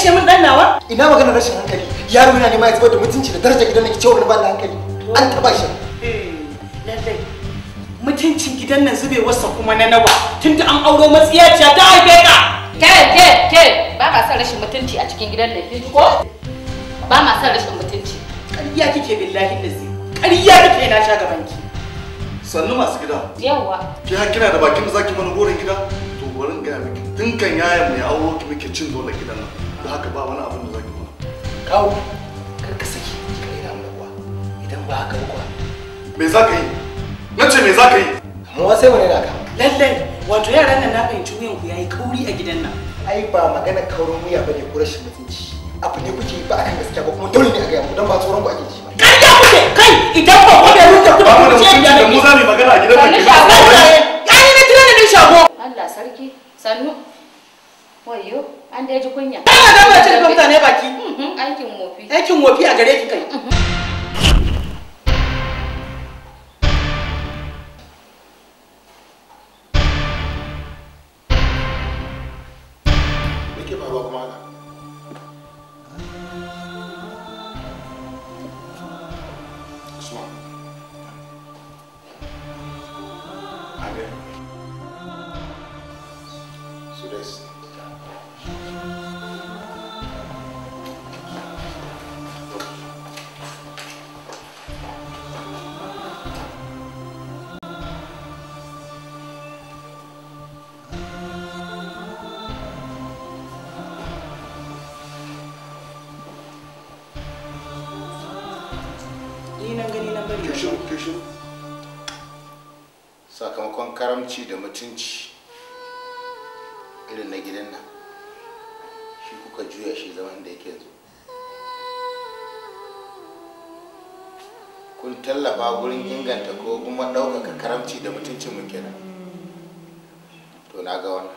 kashe min dan nawa ina magana rashin hankali yaro yana neman ya zubar da mutunci da darajar gidan nake cewa ba da hankali an taba shi eh, lallai mutuncin gidan nan zube wasa kuma na nawa da an auro matsiyaciya ta haife ka ke ke ke ba ma son rashin mutunci a cikin gidan nan kin ko ba ma son rashin mutunci ƙarya kike billahi nazi ƙarya kike na sha gaban ki sannu masu gida yawa ki ha kina da bakin da zaki mana goren gida to goren ga miki dinkan yayan mai auro ki muke cin dole gidan nan da haka ba wani abin da zan yi ba kawo kar ka saki ka raina mana kuwa idan ba haka kuwa me za ka yi na ce me za ka yi amma sai wani na ka lallai wato yaran nan na fahimci wuyan ku yayi kauri a gidan nan ai ba magana kaurin wuya bane ko rashin mutunci abu ne kuke ba akan gaskiya ba kuma dole ne a gaya mu dan ba tsoron ku ake ji ba kariya kuke kai idan ba wanda ruka ku ba mu da mutunci da mu za mu magana a gidan nan ki ba wani ya ni na tuna da shago Allah sarki sannu Wayo, an da ji kunya. Kana da mace da mutane baki. Mhm, mhm, aikin wofi. Aikin wofi a gare ki kai. Mhm. karamci da mutunci irin na gidan nan shi kuka juya shi zaman da yake zo kun tallafa gurin inganta ko kuma ɗaukaka karamci da mutuncin mu kenan to na ga wannan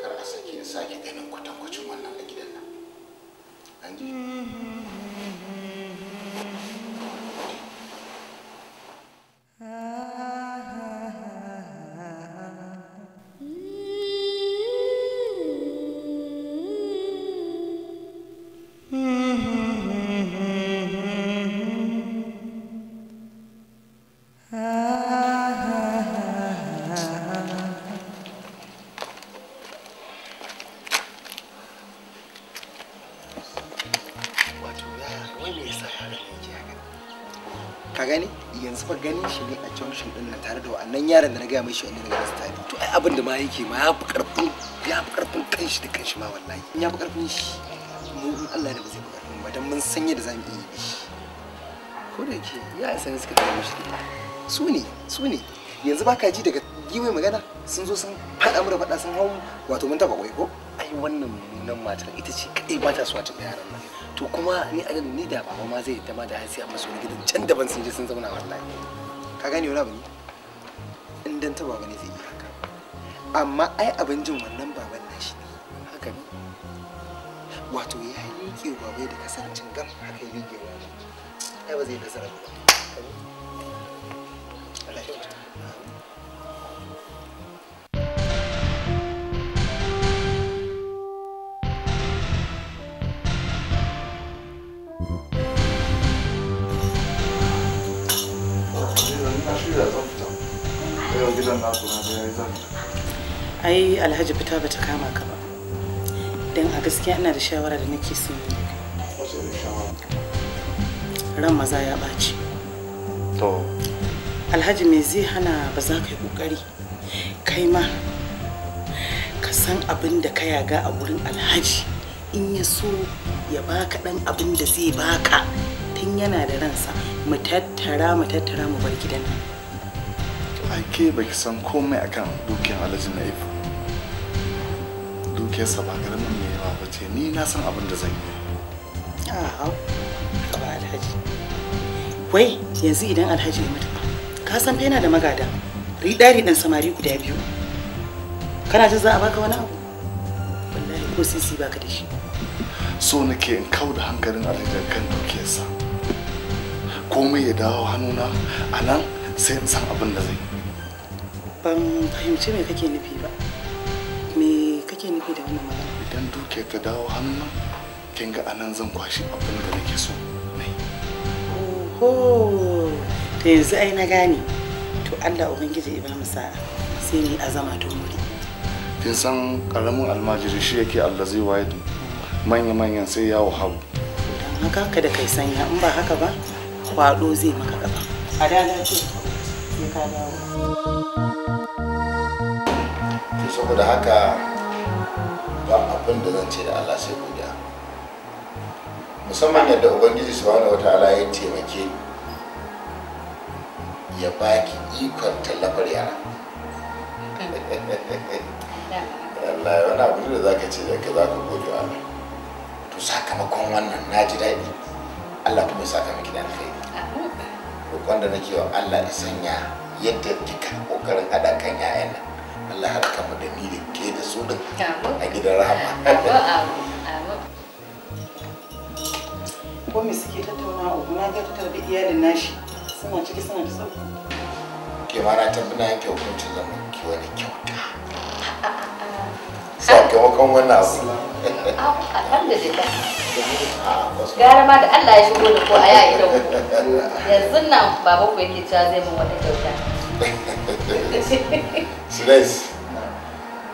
kar a sake sake ganin kwatankwacin wannan a gidan nan an ji mutum din nan tare da wa'annan yaron da na gaya mai shi inda na gaya tare to ai abin da ma yake ma ya fi karfin ya fi karfin kanshi da kanshi ma wallahi in ya fi karfin shi mu in Allah da ba zai fi karfin ba dan mun san yadda zamu iya bi shi ko da yake ya san suka kawo shi su ne su ne yanzu baka ji daga yi magana sun zo sun faɗa mu da faɗa sun hau wato mun taba kwai ko ai wannan munan matar ita ce kadai ba ta so ta yaran nan to kuma ni a ni da baba ma zai tama da hasiya a masu gidan can daban sun je sun zauna wallahi ka gane wani abu ne in dan ta baba zai yi haka amma ai abin jin wannan baban nashi ne haka ne wato ya liƙe bai da kasancin gam haka ya liƙe baba ai ba zai nasara ba ai alhaji fita bata kama ka ba don a gaskiya ina da shawara da nake son yi ran maza ya ɓaci to alhaji me zai hana ba za ka yi ƙoƙari kai ma ka san abin da ka yaga a wurin alhaji in ya so ya baka ɗan abin da zai baka tun yana da ransa mu tattara mu tattara mu bar gidan nan ake baki san komai akan dukiyar alhaji na ifu dukiyarsa ba karamin mai yawa ba ce ni na san abin da zan yi a'a ba alhaji wai yanzu idan alhaji ya mutu ka san fa yana da magada riɗa riɗan samari guda biyu kana jin za a baka wani abu wallahi ko sisi baka da shi so nake in kau da hankalin alhaji kan dukiyarsa komai ya dawo hannuna a nan sai in san abin da zai yi ban fahimci me kake nufi ba me kake nufi da wannan magana idan duke ta dawo hannun kin ga anan zan kwashi abin da nake so nai oho to yanzu ai na gane to Allah ubangiji ya ba mu sa'a sai ni azama to muri kin san karamin almajiri shi yake Allah zai waye manya manyan sai yawo hagu dan haka ka da kai sanya in ba haka ba kwado zai maka gaba a da ce sai ka dawo saboda haka ba abin da zan ce da allah sai godiya musamman yadda ubangiji subhanahu wa ta'ala ya taimake ya baki ikon tallafar yana Allah ya wani abu da za ka ce da ka za ka gode wa Allah to sakamakon wannan na ji daɗi Allah kuma ya saka miki da alkhairi roƙon da nake wa Allah ya sanya yadda kika ƙoƙarin haɗa kan 'ya'yan nan Allah ya kama da ni da ke da su da a gidan rahama ko me suke tattauna a gona ga tattauna da iyalin nashi suna ciki suna da sauka ke ma na tabbana yanke hukuncin zaman ki wani kyauta sakamakon wannan abu gara ma da Allah ya shigo da ko a yayi da yanzu nan baban ku yake cewa zai mun wata kyauta stress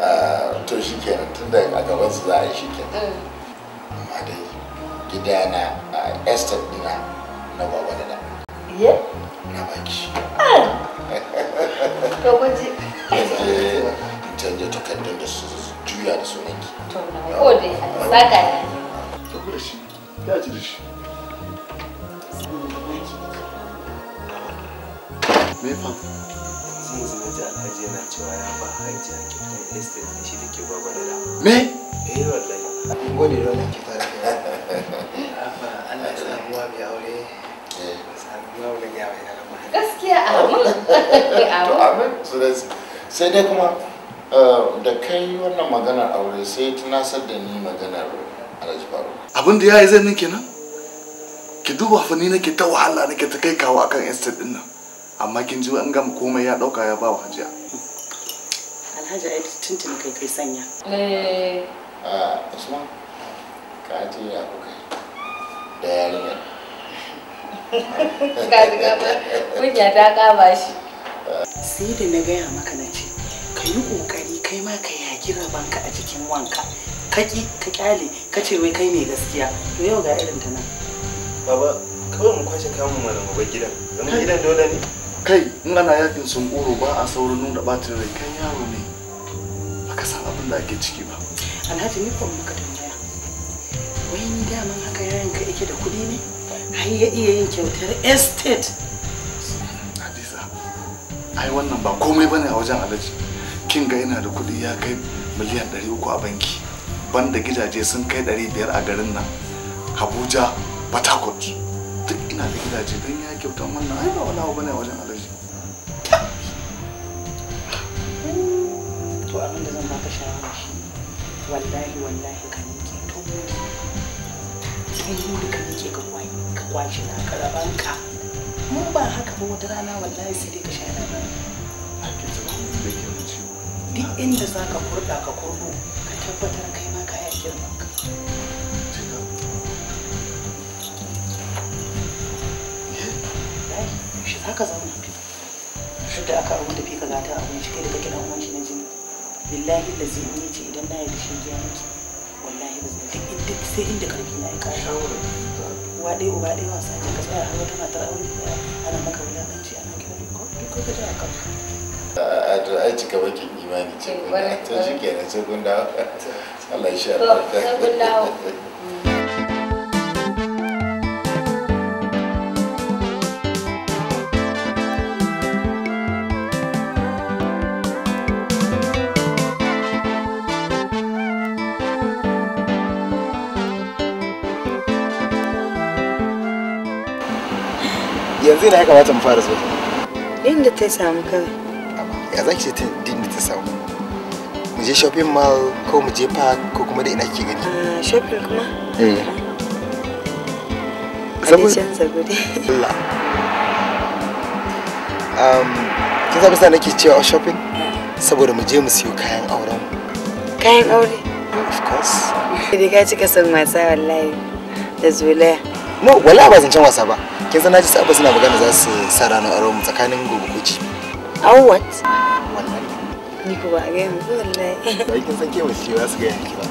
ah, to shi kenan tun a gaban su za a yi shi kenan mm. amma dai gidana a estate dina na baba da na baki ah! to takardun da su juya da sunanki to na gode Allah saka ya to gode shi ya ji shi me fa musulunci alhaji yana cewa ya ba kyautar da shi da ke eh, ya aure eh. gaskiya to um, maganar aure sai da ni maganar alhaji abin da yi zai kenan ki duba fa ni nake ta wahala nake ta kai kawo akan estate din nan amma kin ji an gama komai ya dauka ya bawa hajiya alhaji ai tuntun kai kai sanya eh a usman ka ji ya kuka da yarinya ka ji gaba kunya ta kaba shi sai da na gaya maka na ce ka yi kokari kai ma ka yaki rabanka a cikin wanka kaki ka kyale ka ce wai kai mai gaskiya to yau ga irin ta nan baba kawai mu kwashe kamun mana mu bar gidan don gidan dole ne kai in ana yakin sun goro ba a saurin nuna batin rai kai yaro ne baka san abin da ake ciki ba alhaji ni ko muka tambaya wai ni daman haka yaron ka yake da kuɗi ne har ya iya yin kyautar estate hadisa ai wannan ba komai bane a wajen alhaji kin ga yana da kuɗi ya kai miliyan 300 a banki banda gidaje sun kai 500 a garin nan Abuja batakot. ina da gidaje don ya kyauta wannan ai ba wani abu bane wajen alaji to abin da zan baka shawara shi wallahi wallahi ka nike to kai ne ka nike ka kwai ka kwashi na ka ka mun ba haka ba wata rana wallahi sai dai ka sha da duk inda za ka kurɗa ka kurɗo ka tabbatar kai ma ka yi girman ka tashi ka zauna shi da aka abin da fi ka gata abin shi kai da kake dan uwan shi na jini billahi da zai yi ce idan na yi da shi ya miki wallahi da zai duk duk sai inda karfi na ya kai wa ɗaya uba ɗaya wasa ce ka tsaya har wata matar aure ana maka wulaƙanci ana kira ko duk ka ji a kan a to ai cika bakin imani ce kun ta shi kenan sai gunda Allah ya sha Allah yanzu ne ya kamata mu fara zuwa inda ta samu kawai ya za ki ce ta inda ta samu mu je shopping mall ko mu je park ko kuma da ina ke gani ah, shopping kuma eh Adishan Zaguri. Allah. Um, kin san kusa nake cewa shopping? Saboda mu je mu siyo kayan auren. Kayan aure? Of course. ka cika son wasa wallahi da zulaya. No, wallahi ba zancen wasa ba. kin san naji sabu suna magana za su sa ranar auren mu tsakanin gobe kuci au what wallahi ni ko ba ga yanzu wallahi bai kin san ke wace ba su ga yanki ba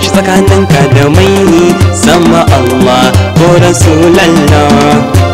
shi tsakaninka da mai sama Allah ko Rasulallah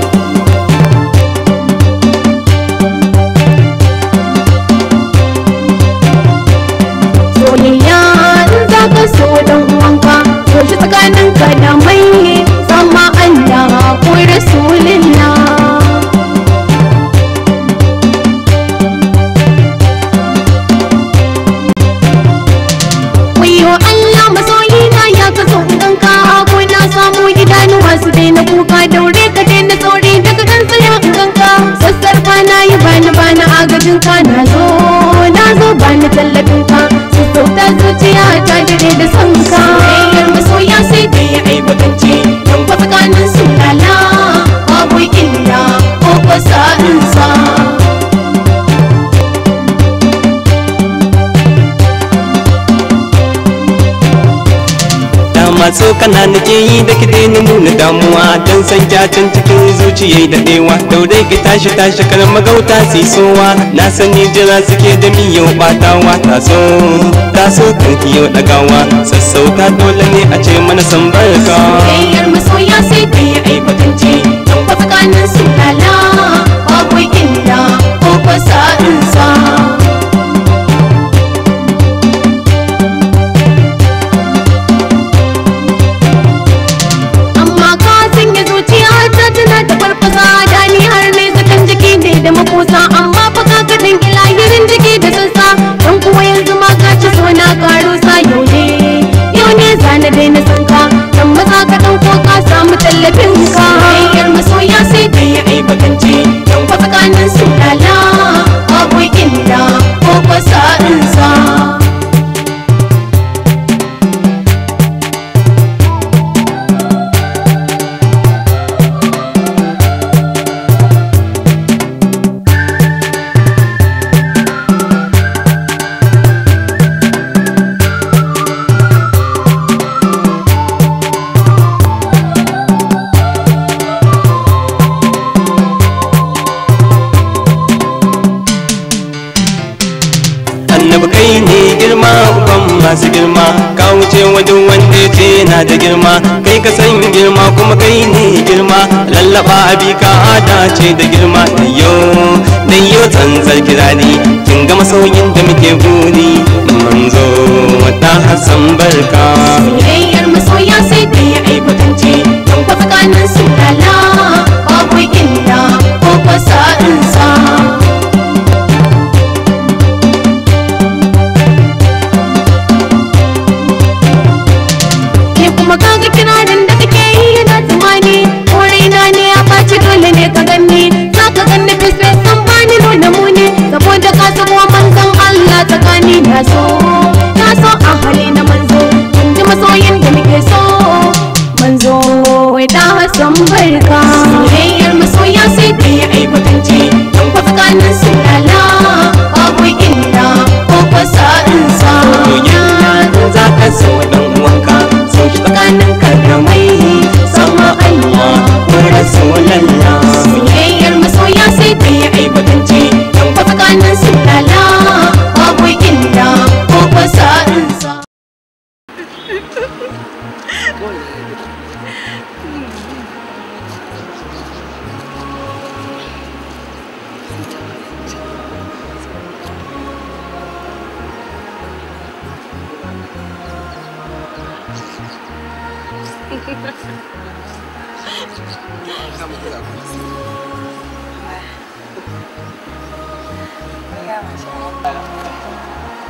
so kana nake yi da kide na nuna damuwa dan san can cikin zuciyai da dewa daure ki tashi tashi kana magauta sai sowa na sani jira suke da mi yau batawa ta so kan kiyo dagawa sassauta dole ne a ce mana san barka masoya tsakanin su lala kwa inda ko sa'insa. girma kai ka san girma kuma kai ne girma lallaba bi ka dace da girma da yau dan yau tsantsar kirani kin ga masoyin da muke buri manzo wata hasan barka soyayyar masoya sai da ya aikutance tun kwa tsakanin su lala babu inda ko kwa sa'insa.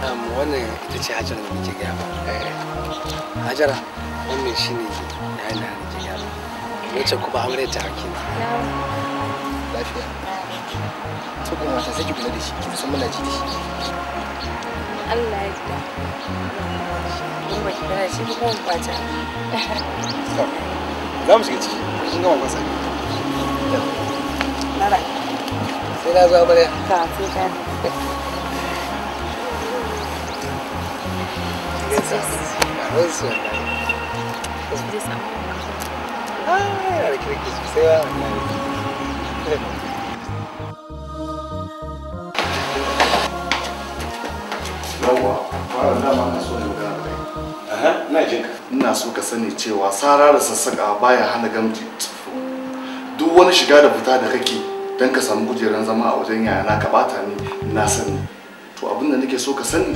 wannan ita ce hajjara da nake gaya ba eh. hajjara wannan shi ne yayin da nake gaya ba wacce kuma amurya ta hakim lafiya to kuma mata sai kula da shi ki san muna ji da shi Allah ya ji Kuma ba ki da shi ko mun kwata za mu shiga ciki kun gama kwasa ne Nara. Sai na zo amarya. Ka sai ka. Eso. Es brisa. Ay, ah, a ver qué se va. Yawwa, fara dama na so ne magana da kai. ina ka. Ina so ka sani cewa sara da sassaƙa baya hana gamji Duk wani shiga da fita da kake don ka samu kujeran zama a wajen yayana ka bata ni na sani. To abinda nake so ka sani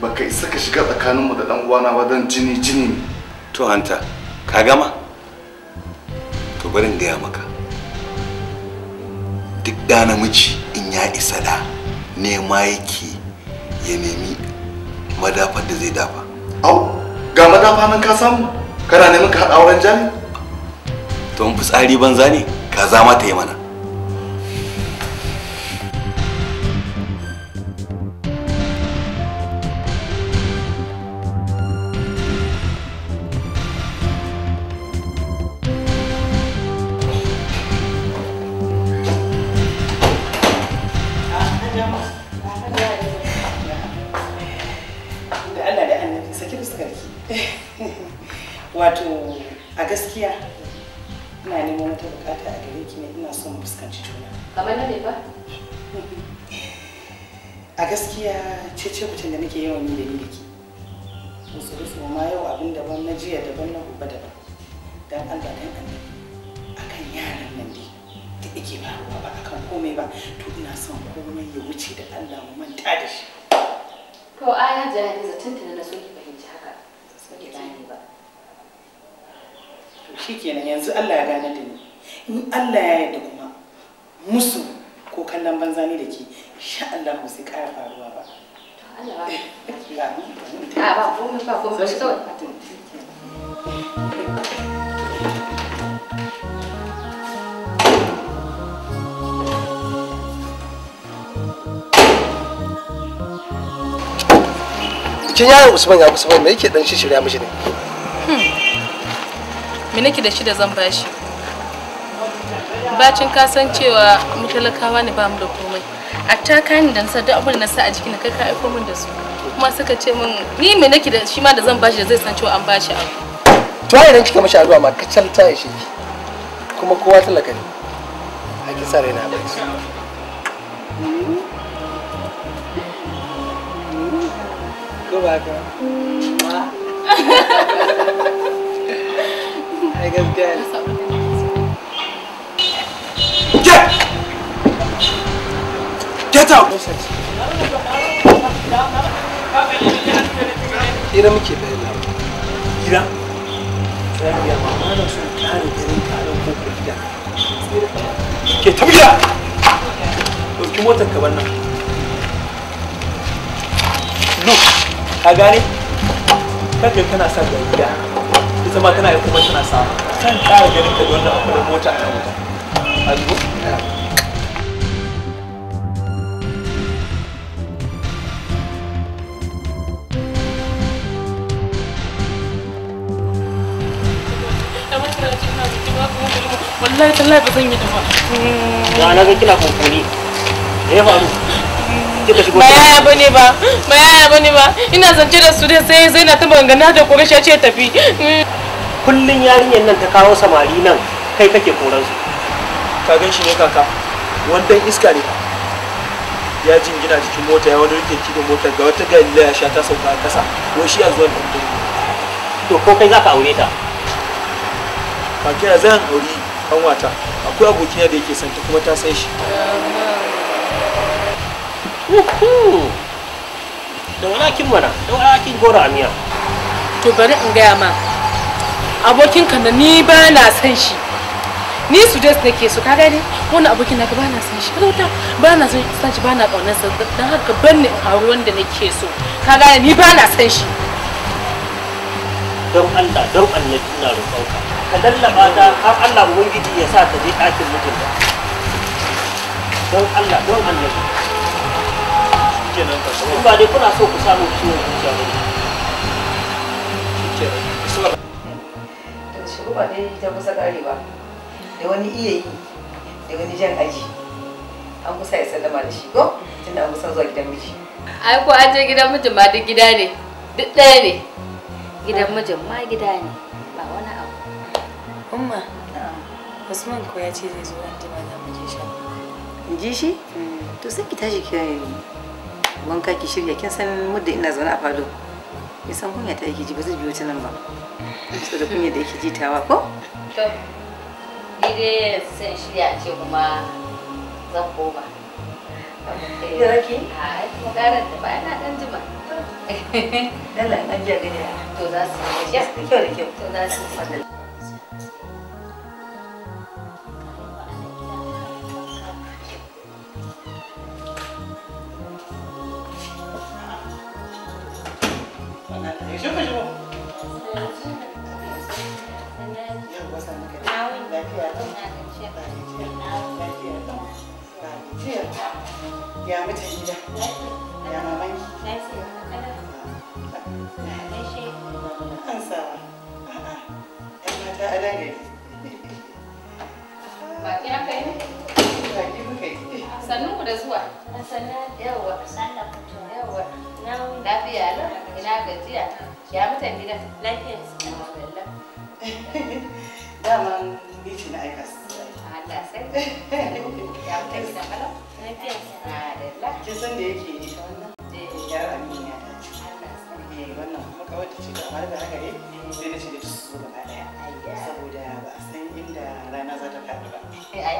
baka isa ka shiga tsakaninmu da dan uwana ba don jini jini to hanta ka gama to barin gaya maka duk da namiji in ya isa da nema yake ya nemi madafar da zai dafa au ga madafa nan ka samu kana neman ka haɗa auren jami to fi fitsari banza ne ka zama ta yi mana usman ya usman me yake dan shi shirya mishi ne hmm. me nake da shi da zan bashi bacin ka san cewa mu ne ba mu da komai a kan dan nasa duk abin da na sa a jiki na kai ka aiko min da su kuma suka ce min ni me nake da shi ma da zan bashi da zai san cewa an bashi abu to dan kika mishi addu'a ma kacal ta shi kuma kowa talaka ne a kisa raina home. ba I guess good. Get! Get out! Ira muke da ila. Ira? Tsariya na son Ke ka ka gane kanka kana sa gariya ita ma tana yi kuma tana sa san ƙara ganin ka da wannan mota a wuta a zuwa wallahi tallahi ba zan yi da ba. Na na ga ya faru? kika shigo ba yaya bane ba ba yaya bane ba ina zance da su da sai sai na ta bangana da kore shi ce tafi kullun yarinyar nan ta kawo samari nan kai kake koran su ka gan shi ne kaka wannan iska ne ya jingina jikin mota ya wani rike ki da motar ga wata galila ya sha ta sauka kasa ko shi a zuwan ɗan to ko kai zaka aure ta ka kira zan aure kanwata akwai abokina da yake santa kuma ta san shi da walakin mana da walakin gora amiya to bari in gaya ma abokin ka na ni ba na san shi ni su jes nake so ka gane wannan abokin na ka ba na san shi kada ba na san shi ba na kaunar sa dan haka ban a aure wanda nake so ka gane ni ba na san shi don Allah don Allah ina roƙonka ka lallaba ta har Allah ubangiji ya sa ta je ɗakin mijinta don Allah don Allah kenan ka in ba dai kuna so ku samu to shi ba dai ta kusa kare ba da wani iya yi da wani jan aji an kusa ya sallama da shi ko tunda an kusa zuwa gidan miji ai ko gidan mijin ma duk gida ne duk ɗaya ne gidan mijin ma gida ne ba wani abu umma usman ko ya ce zai zo an jima da muke shi mm. to sai ki tashi kiyaye ni wanka ki shirya kin san muddin ina zaune a falo ya san kunya ta yake ji ba zai biyo ta nan ba saboda kunya da yake ji tawa ko ni dai san shirya ce kuma zan koma A kuma da ba dan jima. Dalla gani. To za su yi. Ya,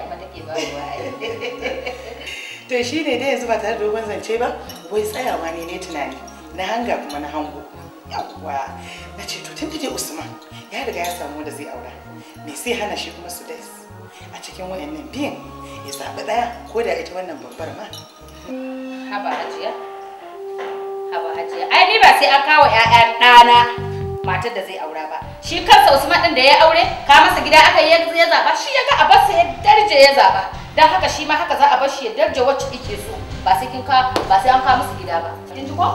yamma take ba to shi ne dai yanzu ba tare da dogon zance ba wai tsayawa ne ne tunani na hanga kuma na hango yawwa na ce to tun dai usman ya riga ya samu da zai aura me sai hana shi kuma su dais a cikin wayannan biyan ya zaɓi ɗaya ko da ita wannan babbar ma haba hajiya haba hajiya ai ni ba sai an kawo 'ya'yan ɗana matar da zai aura ba shi kansa Usman din da ya aure ka masa gida aka yi ya zaba shi ya ga a barsa ya darje ya zaba dan haka shi ma haka za a bar shi ya darje wacce yake so ba sai kin ka ba sai an ka masa gida ba kin ji ko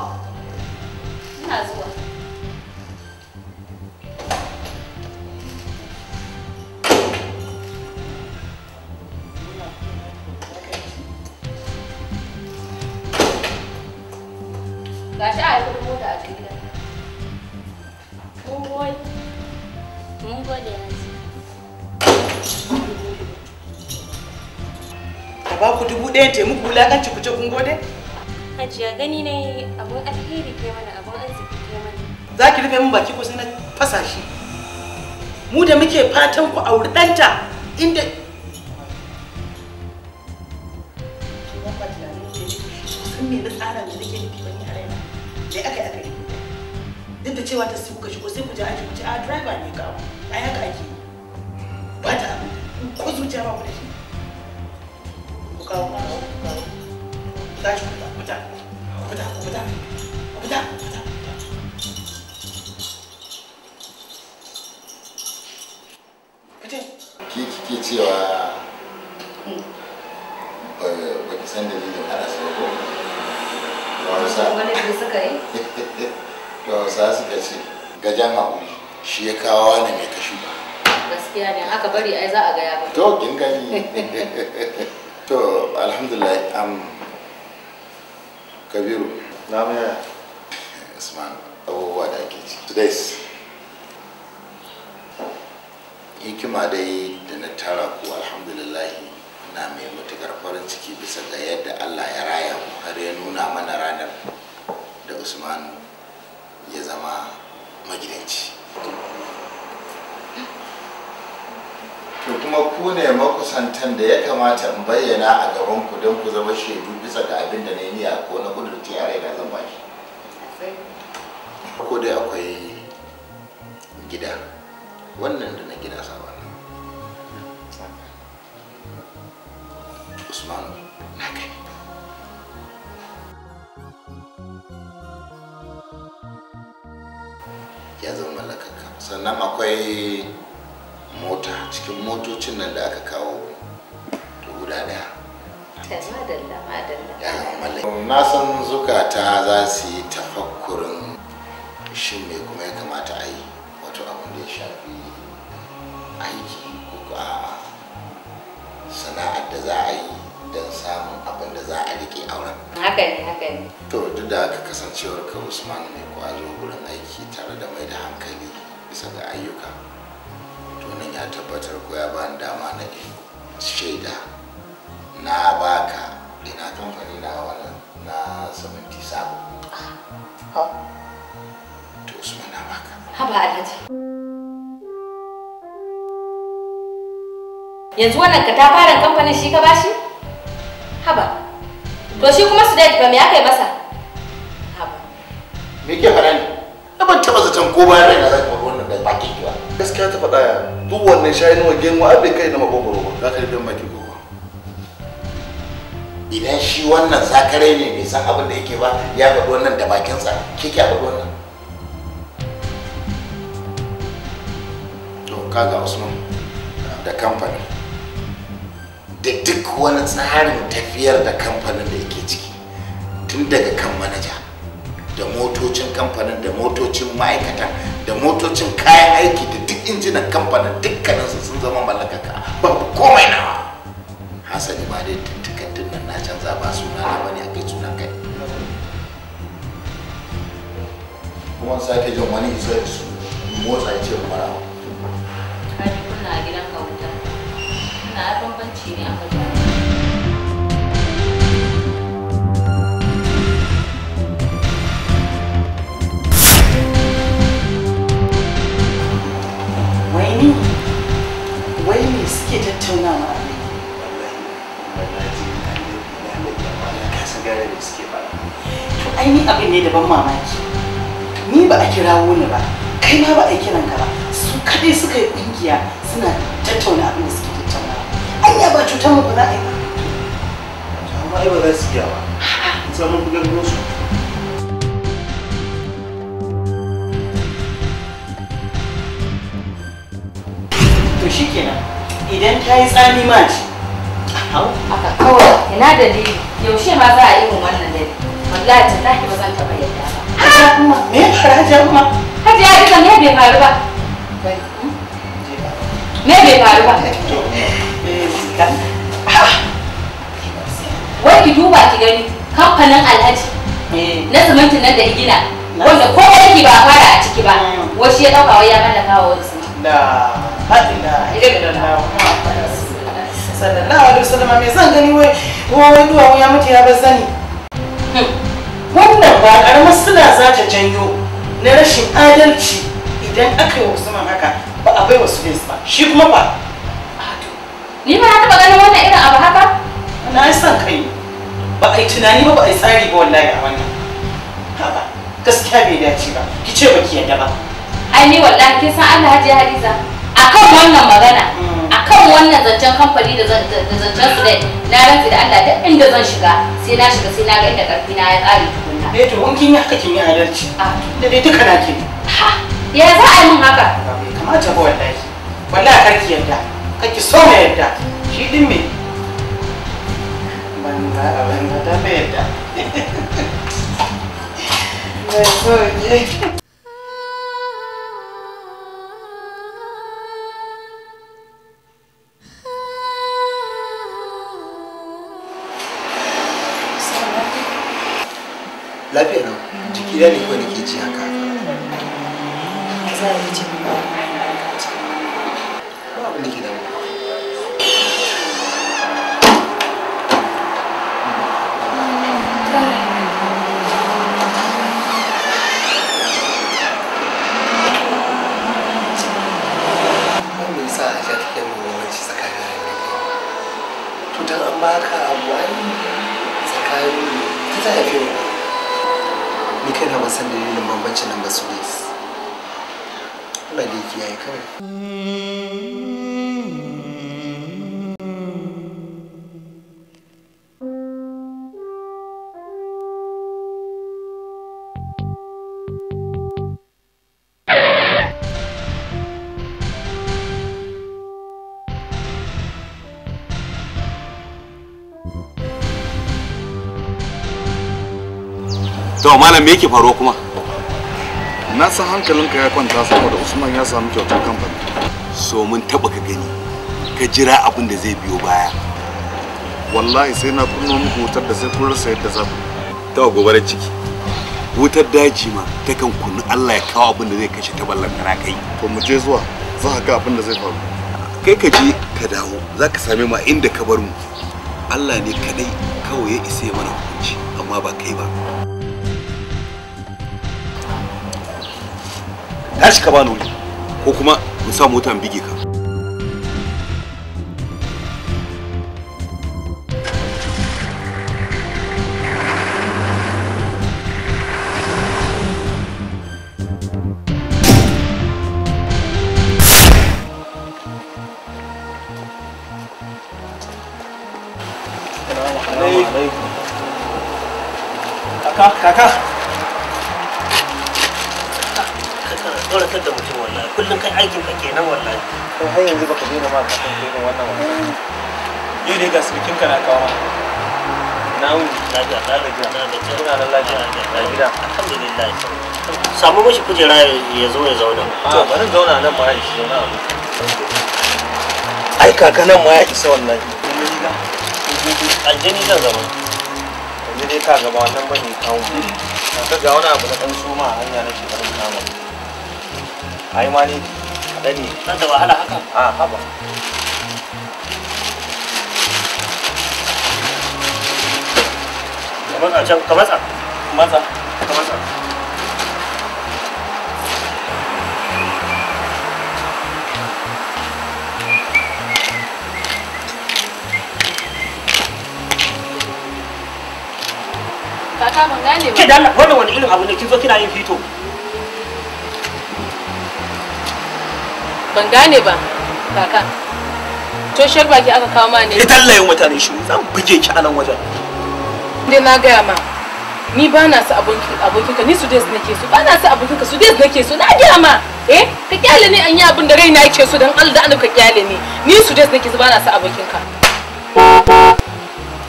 ina zuwa gashi a yi mota a cikin komai mun gode yanzu ka ba ku dubu ɗaya taimu ku wulaƙanci ku ce kun gode hajiya gani ne abun alheri ke mana abun arziki ke mana za ki rufe min baki ko sai na fasa shi mu da muke fatan ku auri ɗanta inda duk da cewa ta su kuka shigo sai ku je aji a ah, driver ne kawo a haka ake ba ta abin ko zuciya ba ku da shi ku kawo ku kawo ku kawo ku tashi ku fita ku fita ku fita ku fita ku fita ki kike cewa hmm, ba ki san dalilin hana su ko da suka yi su ga ce gajen haƙuri shi ya kawo wani mai kashi ba gaskiya ne aka bari ai za a ga ya to kin gani to alhamdulillah am kabiru na mai usman abubuwa da ake ci today hikima dai da na tara ku alhamdulillah na mai matukar farin ciki bisa ga yadda allah ya raya mu har ya nuna mana ranar da usman ya zama magidanci to kuma ku ne makusantan da ya kamata in bayyana a gaban ku don ku zama shaidu bisa ga abin da na yi niyya ko na kudurci a rai da zan shi? ko dai akwai gida wannan da na gida sabon Usman na kai sannan akwai mota cikin motocin nan da aka kawo to guda daya na san zukata za su yi tafakkurin shin me kuma ya kamata a yi wato abin da ya shafi aiki ko a sana'ar da za a yi don samun abin da za a rike auren. Haka ne, haka ne. To, duk da aka kasancewar ka Usman mai kwazo wurin aiki tare da mai da hankali bisa ga ayyuka to nan ya tabbatar ko ya bani dama na in shaida na baka ina kamfani na wannan na 77 to su na baka haba alhaji yanzu wannan ka ta fara kamfanin shi ka bashi haba to shi kuma su da ba me aka yi masa haba me ke fara ne na ban taba zaton ko bayan raina za ka wannan da baki ba gaskiya ta faɗa ya duk wannan shayin wa gemu abin kai na makogoro ba za ka rufe baki ko ba idan shi wannan zakare ne bai san abin da yake ba ya faɗi wannan da bakinsa ke ke faɗi wannan to kaga usman da kamfani da duk wani tsarin tafiyar da kamfanin da yake ciki tun daga kan manaja da motocin kamfanin da motocin ma'aikatan da motocin kayan aiki da duk injinan kamfanin dukkaninsu sun zama mallaka ka babu komai ba hasali ba dai tuntukan nan na canza ba suna na bane a kai suna kai kuma sake jan wani isa su motsa ya ce mara. Kai kuna gidan kauta. a bambanci ne a wajen tattauna ma annabi to ai ni abin ne da ban mamaki ni ba a kirawo ni ba kai ma ba a kiran ka ba su kadai suka yi kungiya suna tattauna abin da suke tattauna an ya ba cutar mu ba za a yi ba amma ai ba za su iya ba samun bugan su to shikenan idan ta yi tsami ma ce haka kawai ina dalili yaushe ma za a irin wannan dare wallahi tallahi ba zan taɓa yadda ba hajiya me ya faru hajiya kuma hajiya duka me bai faru ba hmm? me bai faru ba ah! wai ki duba ki gani kamfanin alhaji na simintin nan da igina wanda ko aiki ba fara a ciki ba mm. wai shi ya ɗauka wai ya mallaka wa wani simintin haɗina gani ya ba suna za ta janyo na rashin adalci idan aka yi usman haka ba bai wasu ba shi kuma ba ni ba na taɓa ganin wannan irin abu haka na yi son kai ba tunani ba ba tsari ba a wannan gaskiya bai dace ba ki ce ba ba ai ni wallahi kin san Allah hajiya Hadiza akan wannan magana mm. akan wannan zancen kamfani da zancen su dai na rantsi da Allah duk inda zan shiga sai na shiga sai na ga inda karfi na ya kare tukunna eh to mun kin yi haka kin yi adalci ah. da dai duka na ke ha ya za a yi min haka kamata ba wallahi wallahi karki yadda kake so mai yadda shi din me banza a banza ta mai yadda Thank 你。To malam me yake faruwa kuma? na san hankalinka ya kwanta saboda usman ya samu kyautar kamfani so mun taba ka gani ka jira abin da zai biyo baya wallahi sai na kunno muku wutar da sai kun rasa yadda za ku ta gobara ciki wutar daji ma ta kan kunnu Allah ya kawo abin da zai kashe ta ballan kai to mu je zuwa za ka ga abin da zai faru kai ka je ka dawo za ka same mu inda ka bar mu Allah ne kadai kawai ya isa mana hukunci amma ba kai ba tashi ka bani wuri ko kuma mu sa mota in bige ka isa wannan aljani zan zama yanzu dai ka gaba wannan bane kawo ka ga wani abu na ɗan suma a hanya nake ɗan kama ai ma ne kaɗan ne nan da wahala haka a haba kamar a can ka matsa matsa ke da Allah wannan wani irin abu ne kin zo kina yin fito ban gane ba kaka to shek baki aka kawo ma ne ita Allah mutane shi zan buge ki a nan wajen dai na gaya ma ni ba na su abokin ka ni su des nake ba na su abokin ka su des nake so na gaya ma eh ka kyale ne an yi abin da raina yake so dan Allah da Allah ka kyale ne ni su des nake so ba na su abokin ka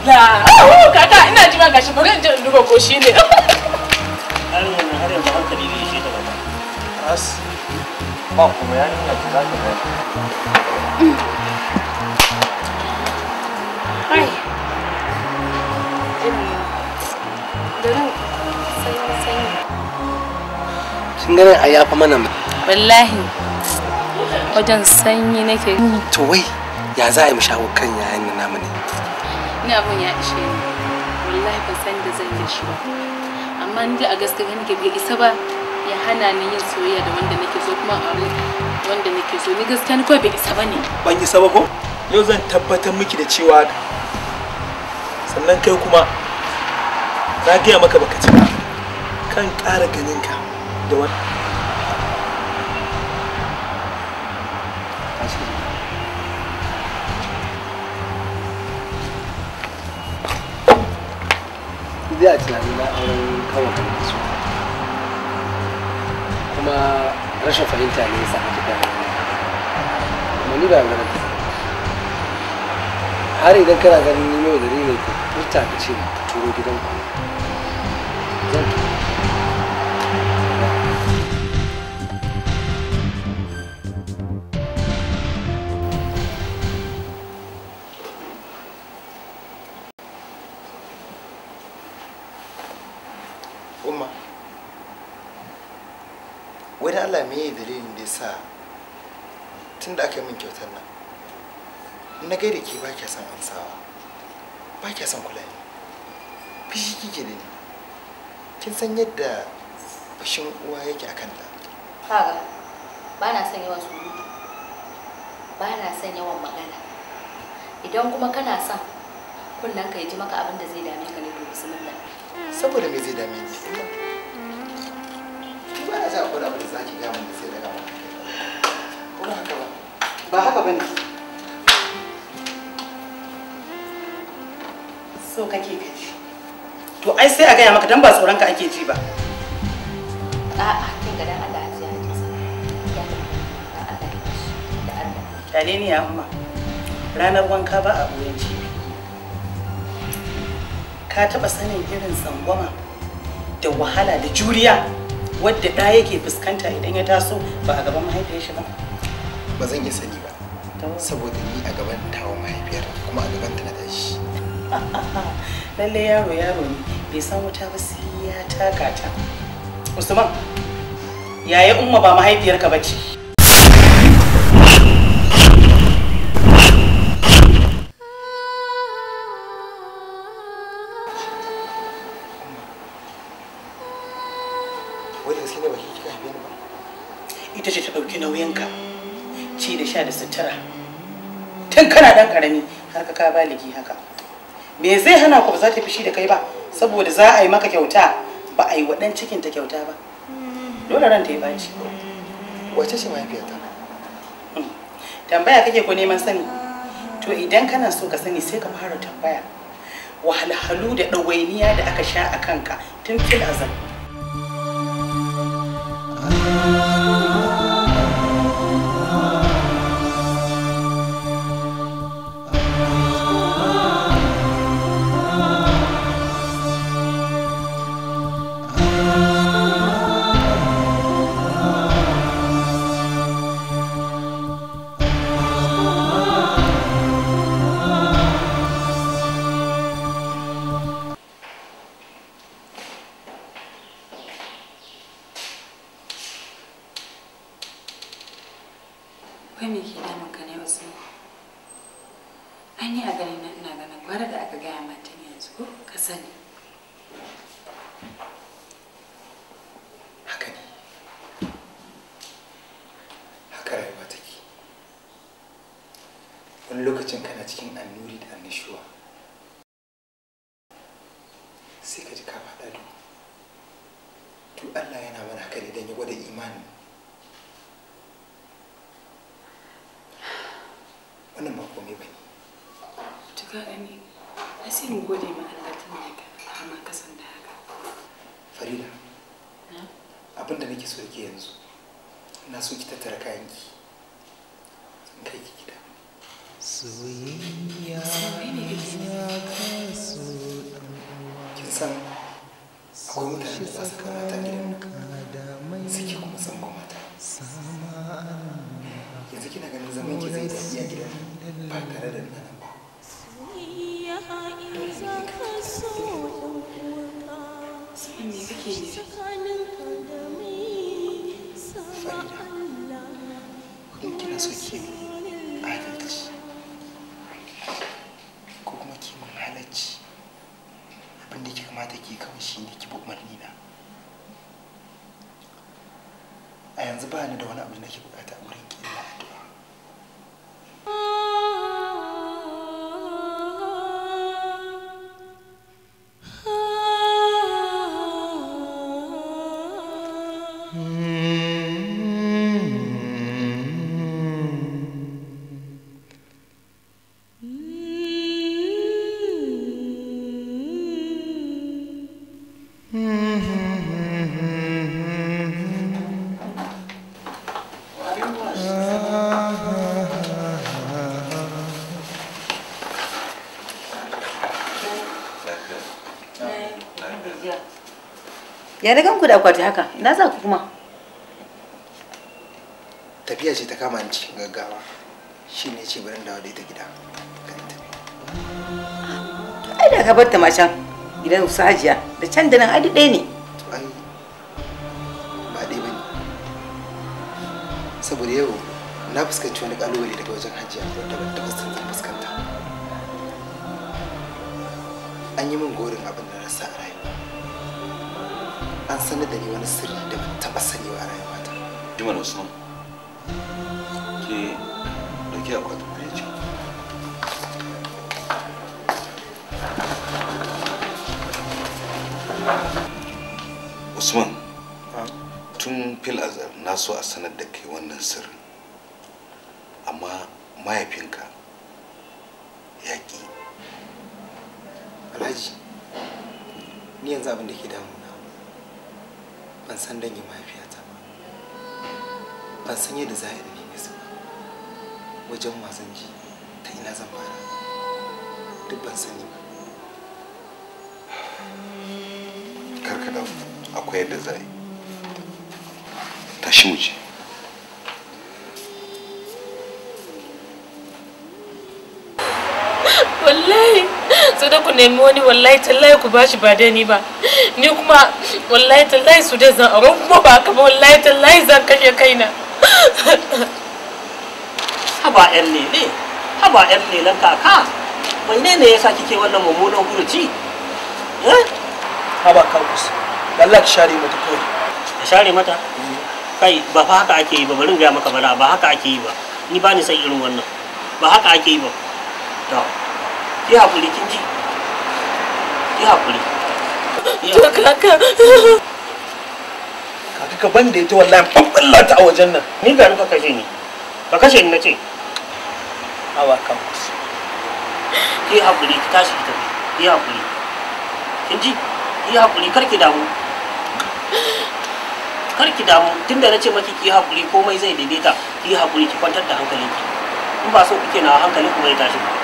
kaka ina ji ma gashi bari in je in duba ko shine har yanzu har yanzu ne shi as ba kuma ya nuna ki za ki kin a yafa mana wallahi wajen sanyi nake to wai ya za a yi mu shawo kan yayan namu ne ina abun ya ishe ni wallahi ban san da zan yi shi ba amma ni a gaskiya nake bai isa ba ya hana ni yin soyayya da wanda nake so kuma aure wanda nake so ni gaskiya ni kawai bai isa ba ne ban isa ba ko yau zan tabbatar miki da cewa sannan kai kuma na gaya maka baka ci ba kan ƙara ganinka da wani dai a tunani na auren kawai kan su kuma rashin fahimta ne ya sa ake gane kuma ni ba ya gara har idan kana ganin ni da ne ko ta ka ce ta turo gidanku sa tun da aka yi min kyautar nan na gaida ke ba kya son amsawa ba kya son kula ne fishi kike da ni kin san yadda fashin uwa yake akan ta ha ba na son yawan surutu ba na son yawan magana idan kuma kana son kunnen ka ji maka abin da zai dame ka ne to bismillah saboda me zai dame ni ba na sa akwai abin da zaki ga mun da sai daga mun ba haka ba ne so kake kaji to ai sai a gaya maka don ba tsoronka ka ake ji ba a'a kin ga dan Allah ya ji ya da Allah kyale ni ya amma ranar wanka ba a buyan ci ka taba sanin irin tsangwama da wahala da juriya wadda ɗa yake fuskanta idan ya taso ba a gaban mahaifiyar shi ba ba zan iya sani ba saboda ni a gaban tawo mahaifiyar kuma a gaban ta na tashi lalle yaro yaro ne bai san wuta ba sai ya taka ta usman yaya umma ba mahaifiyarka ba ce ita ce ta ɗauki nauyinka ci da sha da sutura tun kana dan karami har ka ka baligi haka me zai hana ku ba za ta fishi da kai ba saboda za a yi maka kyauta ba a yi wa dan cikin ta kyauta ba dole ran ta yi baci wace ce mahaifiyarta hmm. tambaya kake ko neman sani to idan kana so ka sani sai ka fara tambaya wahalhalu da ɗawainiya da aka sha a kanka tun fil azal Ya da ganku da akwati haka? Ina za ku kuma? Tafiya ce ta kama ni cikin gaggawa. Shi ne ce bari dawo da ita gida. Ah, ai da ka bar ta ma can gidan Usajiya da can da nan ai ɗaya ne. To ai ba ɗaya bane. Saboda yau na fuskanci wani kalubale daga wajen hajiya wanda ban taɓa zan fuskanta. An yi min gorin abin da na sa a an sanar da ni wani sirri da ban taba sani a rayuwata. Jimar Usman, ke ɗauki akwatin ku ce. Usman, tun fil azar na so a sanar da kai wannan sirrin, amma mahaifinka ya ƙi. alhaji ni yanzu abin da ke damu. ban san dangin mahaifiyata ba ban san yadda za a yi nemi su ba wajen wasan ji ta ina zan fara duk ban sani ba karkada akwai yadda za a yi tashi mu wallahi sai da ku nemi wani wallahi tallahi ku bashi ba dani ni ba ni kuma wallahi tallahi su dai zan auren kuma ba kama wallahi tallahi zan kashe kaina haba yan lele haba yan lelen kaka wanne ne yasa kike wannan mummunan huruci eh? haba karkus Allah ki share mata kawai ka share mata kai ba fa haka ake yi ba bari ga maka bala ba haka ake yi ba ni ba ni san irin wannan ba haka ake yi ba to ki haƙuri kin ji ki haƙuri kaka ka ban da ita wallahi ɓaɓɓalla ta a wajen nan ni ga ka kashe ni ka kashe ni na ce awa kan ki haƙuri ki tashi ki tafi ki haƙuri kin ji ki haƙuri kar ki damu kar ki damu tunda na ce maki ki haƙuri komai zai daidaita ki haƙuri ki kwantar da hankalinki in ba so kike na hankali kuma ya tashi ba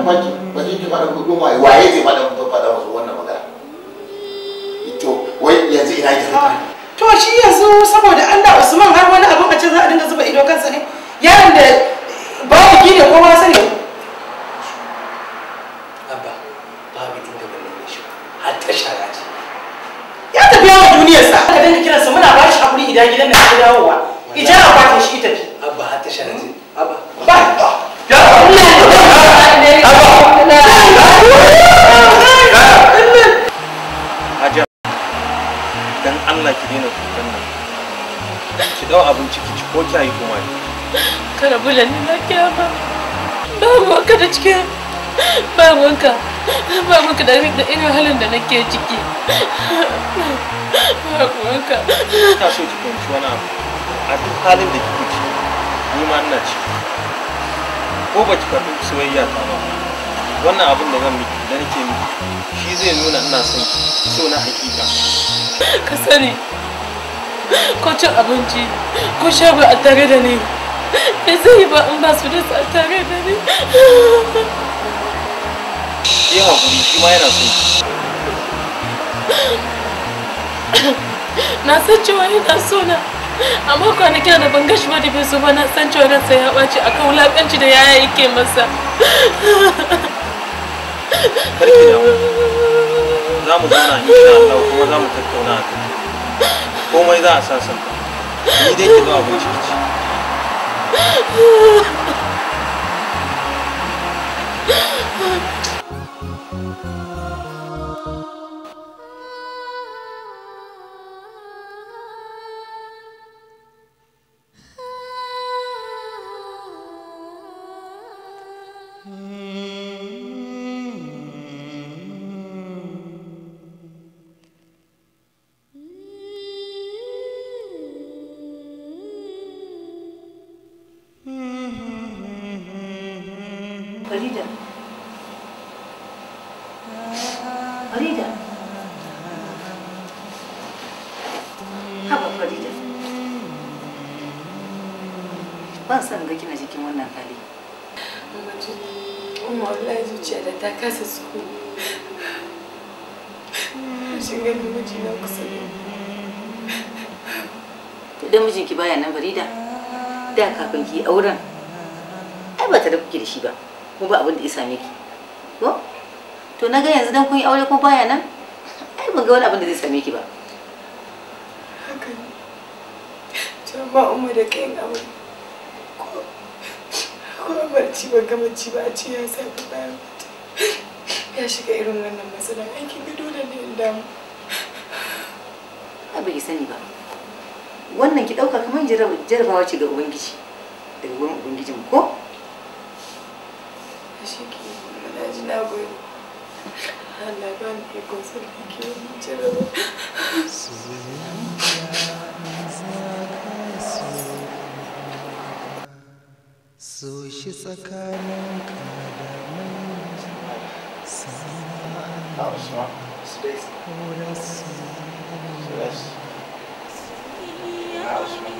kan faki ba zai waye zai fada mutum fada wannan magana to wai yanzu ina ki ah, to shi yanzu saboda Usman har wani abin a ce za a dinga zuba ido kansa ne yaron da baya ki ne kowa sani abba babu inda ban nuna shi har ta shara ce ya tafi yawa duniyarsa aka dinga kiransa muna ba shi hakuri idan gidan da ya dawowa ijara ba ta shi tafi abba har ta shara ce abba ba ya Allah Hajar, dan Allah ki daina kukan nan. Ki dawo abinci ki ko ki yi kuma ne. Kada bulan ni na kyama. Ba wanka da ciki ba wanka. Ba wanka da irin halin da nake ciki. Ba wanka. Ina so ki fahimci wani abu. A duk halin da kike ciki, ni ma ina ciki. ko ba ki karɓi soyayya ta ba wannan abin da zan miki da nake miki shi zai nuna ina son ki so na hakika ka sani ko cin abinci ko shago a tare da ni me zai yi ba in ba su da a tare da ni yi haƙuri shi ma yana son na san cewa yana so na amma kwanakin da ban gashi ba da bai so ba na san cewa ransa ya ɓaci akan wulaƙanci da yaya yake masa karki da za mu zauna insha Allah kuma za mu tattauna a kan komai za a sasanta ni dai ki zo abinci ki ci kafin ki auren ai ba ta da kuke da shi ba ko ba abin da ya same ki ko to na ga yanzu dan kun yi aure ko baya nan ai ban ga wani abin da zai same ki ba ba umma da kayan aure ko ko barci ba gama ci ba a ce ya sami bayan ya shiga irin wannan matsalar aikin gado da ne in damu ba sani ba wannan ki ɗauka kamar jarabawa ce ga ubangiji daga wurin ubangijin ko shi ke na ji na gode Allah ba ni ikon sarki ke wani ko da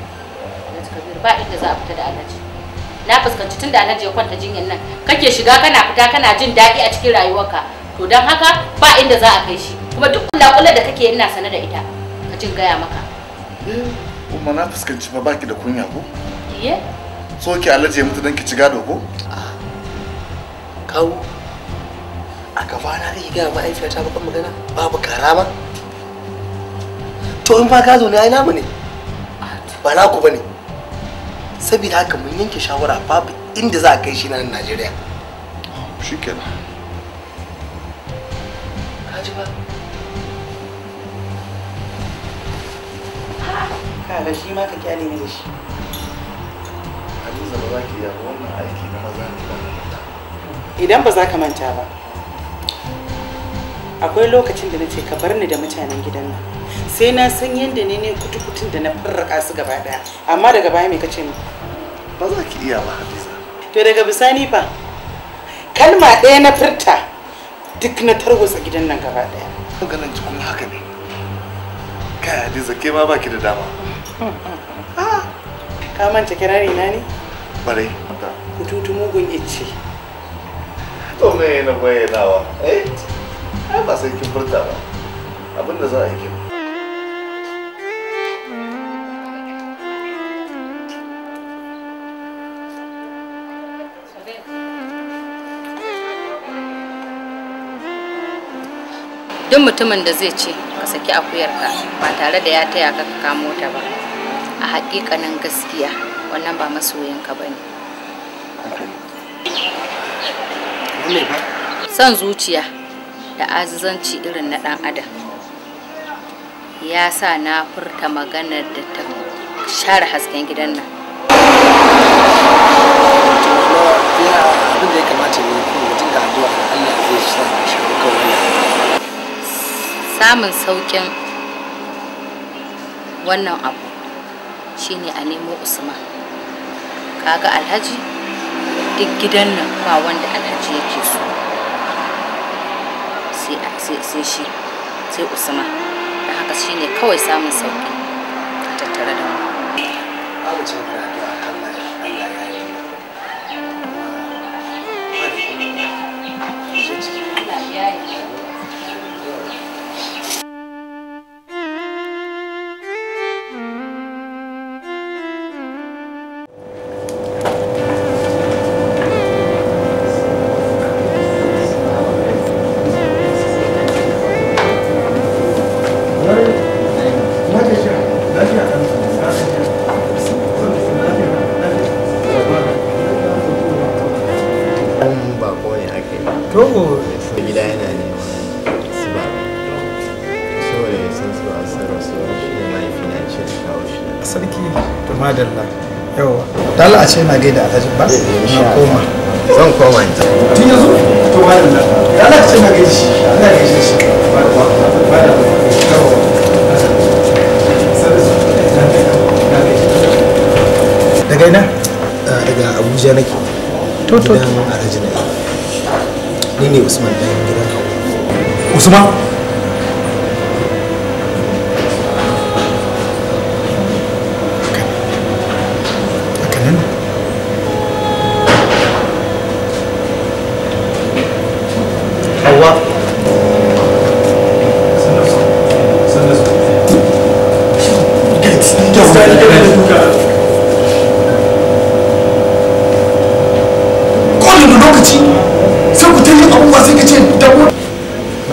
ba inda za a fita da alhaji na fuskanci tun da alhaji ya kwanta jinyar nan kake shiga kana fita kana jin daɗi a cikin rayuwarka to don haka ba inda za a kai shi kuma duk kula da kake ina sane da ita ka jin gaya maka kuma hmm. na fuskanci ba baki da kunya ko iye so ki alhaji ya mutu don ki ci gado ko ah. kawo a gaba na kake gaya ma'aikata bakan magana babu karama to in ba zo ne ai namu ne ah, ba naku ba ne saboda haka mun yanke shawara babu inda za a kai shi nan najeriya shi kenan ka idan ba za ka manta ba akwai lokacin da na ce ka bar ni da mutanen gidan nan sai na san yadda ne ne kutukutun da na farraka su gaba daya amma daga baya me kace ni ba za ki iya ba Hadiza to daga bisani fa kalma ɗaya na furta duk na tarwatsa gidan nan gaba daya maganan cikin haka ne kai Hadiza ke ma baki da dama ah, ka manta kirari na ne bare kututu mugun ice to me na bayyanawa eh ai ba sai kin furta ba abinda za a yi kin duk mutumin da zai ce ka saki akuyarka ba tare da ya taya ka kamo ta ba a hakikanin gaskiya wannan ba masoyinka ba ne son zuciya da azizanci irin na ɗan adam ya sa na furta maganar da ta share hasken gidan nan samun saukin wannan abu shine a nemo usman kaga alhaji duk gidan nan ba wanda alhaji yake so sai shi sai usman da haka shine kawai samun sauki a tattare da mu a ce na gaida alhaji ba eh, na koma zan koma in tun yanzu to ba da ya na ce na gaida shi na gaida shi ba da da daga ina ah, daga abuja nake to to a alhaji ne ne usman dan gidan usman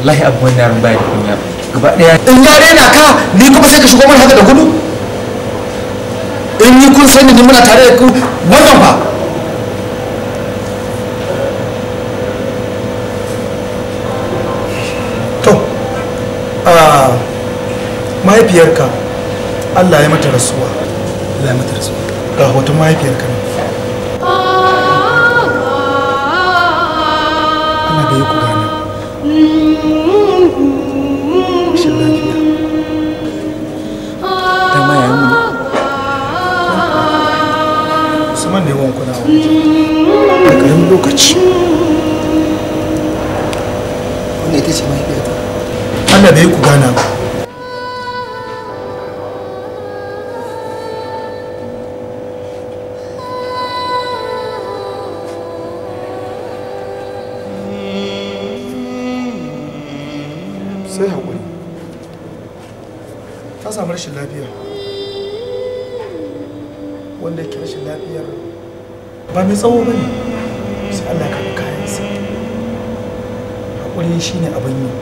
wallahi abu wannan yaron baya da kunya gaba daya in ya daina ka ni kuma sai ka shigo mana haka da gudu in ni kun sani ni muna tare da ku wannan ba to a mahaifiyarka Allah ya mata rasuwa Allah ya mata rasuwa ga hoton mahaifiyarka ne wanda ita ce mahaifiyata Allah bai ku gana ba sai haƙuri ta samu rashin lafiya wanda yake rashin lafiyar ba mai tsawo ba ne shi shine abin yi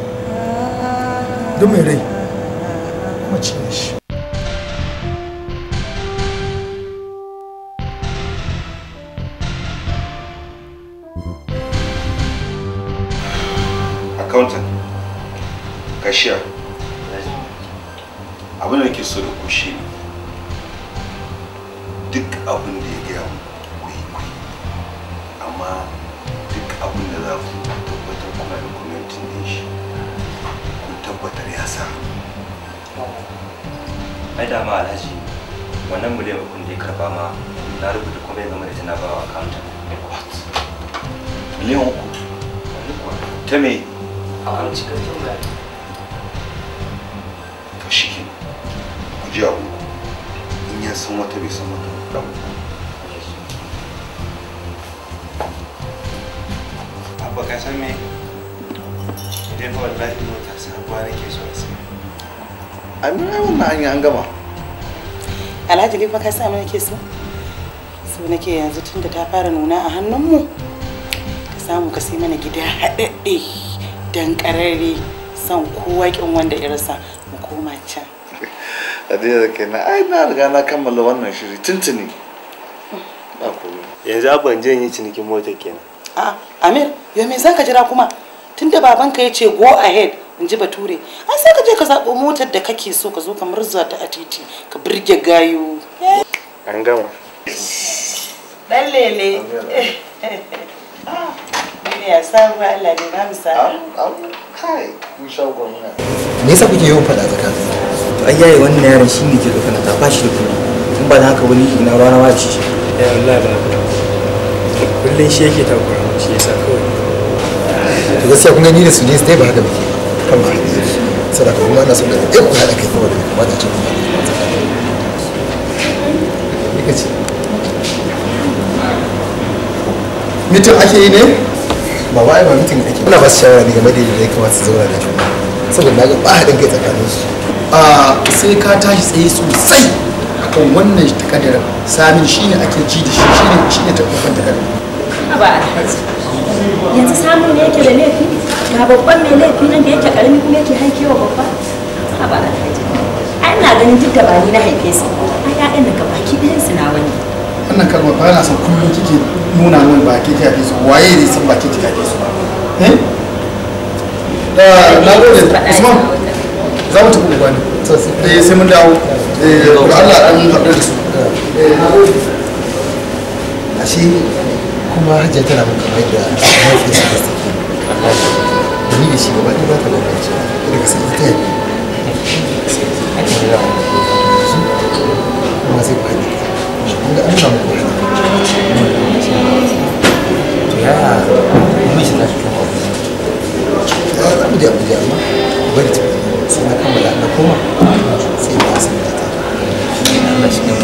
don mai rai mace shi tunda ta fara nuna a hannunmu ka samu ka sai mana gida haɗaɗɗe don ƙararri son kowa ƙin wanda irinsa mu koma can da kenan ai na riga na kammala wannan shiri tuntuni ba komai yanzu abban je yi cinikin mota kenan a Amir ya me zaka jira kuma tunda babanka ya ce go ahead in ji bature an sai ka je ka zaɓo motar da kake so ka zo ka murza ta a titi ka birge gayu. an gama Dan lele. Duniya sabuwa Allah ne ba mu Kai, mun sha gwamna. Me yasa kuke yawan faɗa tsakanin? To ai yayi wannan yaron shi ne ke da kana ta shi da kuma. In ba da haka wani ina rana ma ci. Ya Allah da Kullun shi yake takura shi yasa kawai. To gaskiya kun gani da su ne sai ba haka muke. Kan ba. Sadaka kuma ana son da ɗaya eh, ku haɗa kai kawai da kuma ta ce kuma. Ika ce. mitin ake yi ne ba wai ba mitin ake ina ba su shawara ne game da yadda ya kamata su zauna da juna saboda na ga ba haɗin kai tsakanin su sai ka tashi tsaye sosai akan wannan takardar samin shine ake ji da shi shine shine takardar takardar ba alhaji yanzu samun ne yake da laifi ga babban mai laifi nan da yake karami kuma yake haikewa babba ba alhaji ana ganin duk da ba ni na haife su a ya'yan daga baki ɗayan su na wani wannan kalmar ba yana son kullum kike nuna min ba ke kake su waye ne san ba ke kake su ba eh da na gode Usman za mu tafi ubani eh sai mun dawo eh, eh Allah dan haɗu da su eh, eh na gode ashe kuma hajjar tana mun kamar da mafi su da su da ni da shi ba ɗaya ba ta da ka sai ta yi kuma sai ku haɗe kun ga an samu kuma to ya mai shi lafi ya za mu je abuja amma bari ta sai na kammala na koma sai na asibiti ta Allah shi kan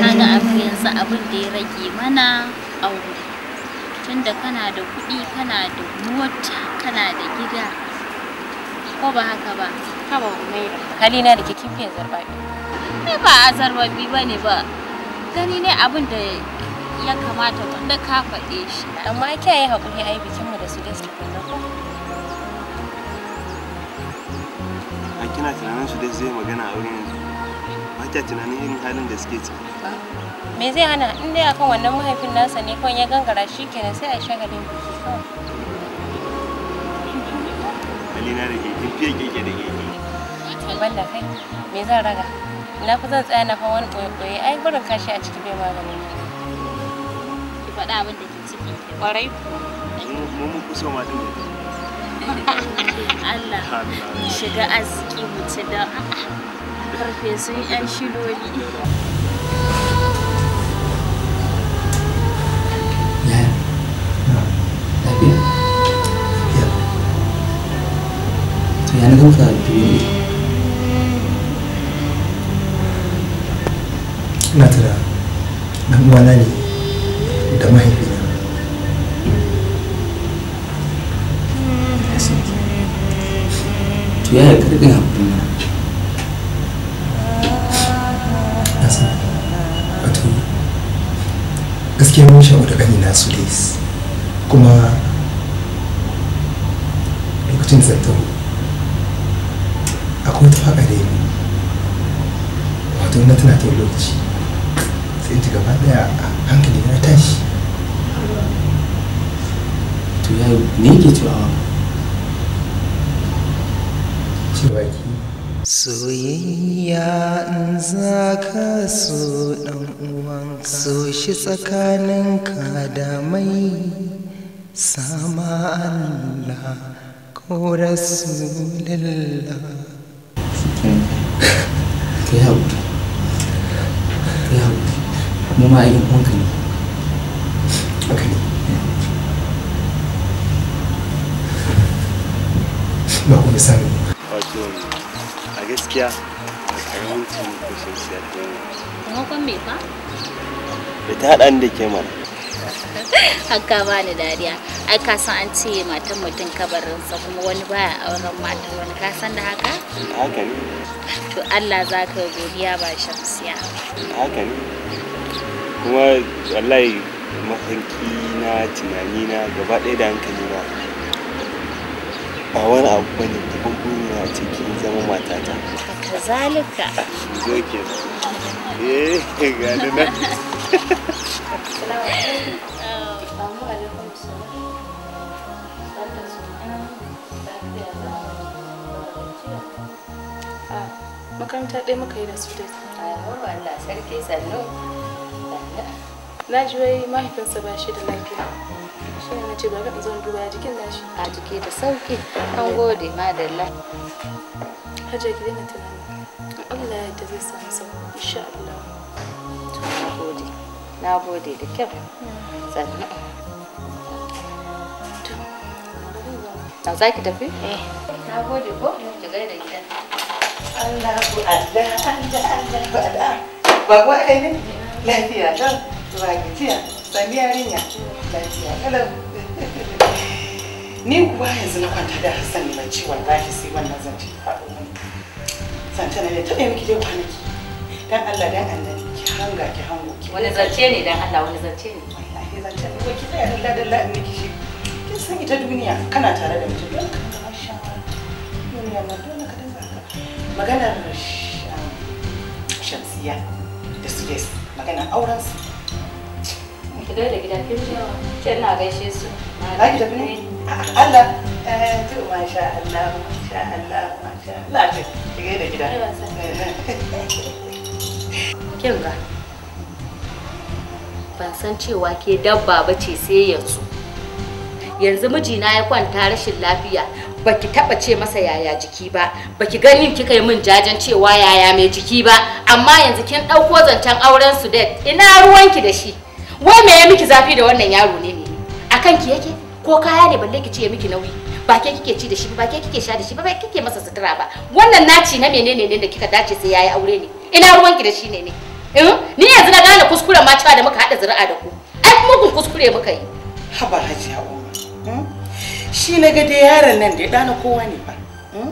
kaga abu yanzu abin da ya rage mana aure tunda kana da kuɗi kana da mota kana da gida ko ba haka ba haba mai kalina da kikin fiye zarbaɓe ne ba a ba ne ba gani ne abin da ya kamata wanda ka faɗe shi amma kya yi haƙuri a yi bikinmu da su da su ko a kina tunanin su da zai magana a wurin yanzu ba kya tunanin irin halin da suke ciki me zai hana in dai akan wannan mahaifin nasa ne kawai ya gangara shi kenan sai a shagalin biki kawai halina da keke fiye keke da keke ban da kai me zan raga na fi zan tsaya na fa wani ɓoye-ɓoye ai barin kashi a ciki bai maganin ki faɗa abin da ke ciki ƙwarai mu mu kusa ma Allah shiga arziki ci da farfesun 'yan shiloli Yeah. I'm going to suna tara dan uwana ne da mahaifina to yi karfin haƙuri na na san wato gaskiya mun sha wata gani na su dais kuma lokacin zartar akwai wata faƙa da yi wato na tana ta lokaci sai ta gaba daya a hankali na tashi to ya ne ke cewa cewa ki soyayya in za ka so dan uwan so shi tsakanin ka da mai sama Allah ko rasulullah kai haƙuri mu ma ayin uwanka ne ba ku sani wato a gaskiya a karamin taimako a taimakon me fa da ta haɗa da ke mana haka ba ni dariya ai ka san an ce matan mutum kabarinsa kuma wani baya auren matan wani ka san da haka haka ne to Allah za ka godiya ba shamsiya haka ne kuma wallahi mafarki na tunani na gaba ɗaya da hankali na ba wani abu bane da buri na cikin zama matata zalika zo ke eh ga ni na ah, makaranta ɗaya muka yi da su dai. Allah sarki sannu. na ji wai mahaifinsa ba shi da lafiya shi ne na ce bari in zo duba jikin nashi a jiki da sauki an gode madalla hajja ki daina tunani Allah ya yarda zai samu sauki insha Allah na gode na gode da kyau sannan Na za ki tafi? Eh. Na gode ko? Ki gaida gidan. Allah ku Allah Allah Allah. Ba ku ne? Lafiya don. Zagitiya, sami yarinya, lafiya kalau. Ni kuwa yanzu na kwanta da Hassan ne bacci wallahi sai wannan zance ya faɗo min. Santana ne taɓa miki dai kwanaki. Dan Allah dan annabi ki hanga ki hango ki. Wani zance ne dan Allah wani zance ne. Wallahi zance ne ko ki tsaya da dalla in miki shi. Kin san ita duniya kana tare da mutum don ka ga shawara. Duniya ma dole ka dinga haka. Maganar ah, Shamsiya da Sudais maganar aurensu. ki gaishe su ki tafi ne Allah eh, to Allah Allah Allah ki gida eh, eh. kin ga ban san cewa ke dabba ba ce sai yanzu yanzu mijina ya kwanta rashin lafiya baki taba ce masa yaya jiki ba baki ganin kika yi min jajen cewa yaya mai jiki ba amma yanzu kin dauko zancen auren su ina ruwanki da shi wai me ya miki zafi da wannan yaro ne ne kan ki yake ko kaya ne balle ki ce miki nauyi ba ke kike ci da shi ba ke kike sha da shi ba ba kike masa sutura ba wannan naci na menene ne da kika dace sai yayi aure ne ina ruwan ki da shi ne ne eh? ni yanzu na gane kuskuren ma cewa da muka hada zuri'a da ku ai kun kuskure muka yi haba hajiya umma hmm? shi na ga dai yaron nan da ya dana kowa ne ba hmm?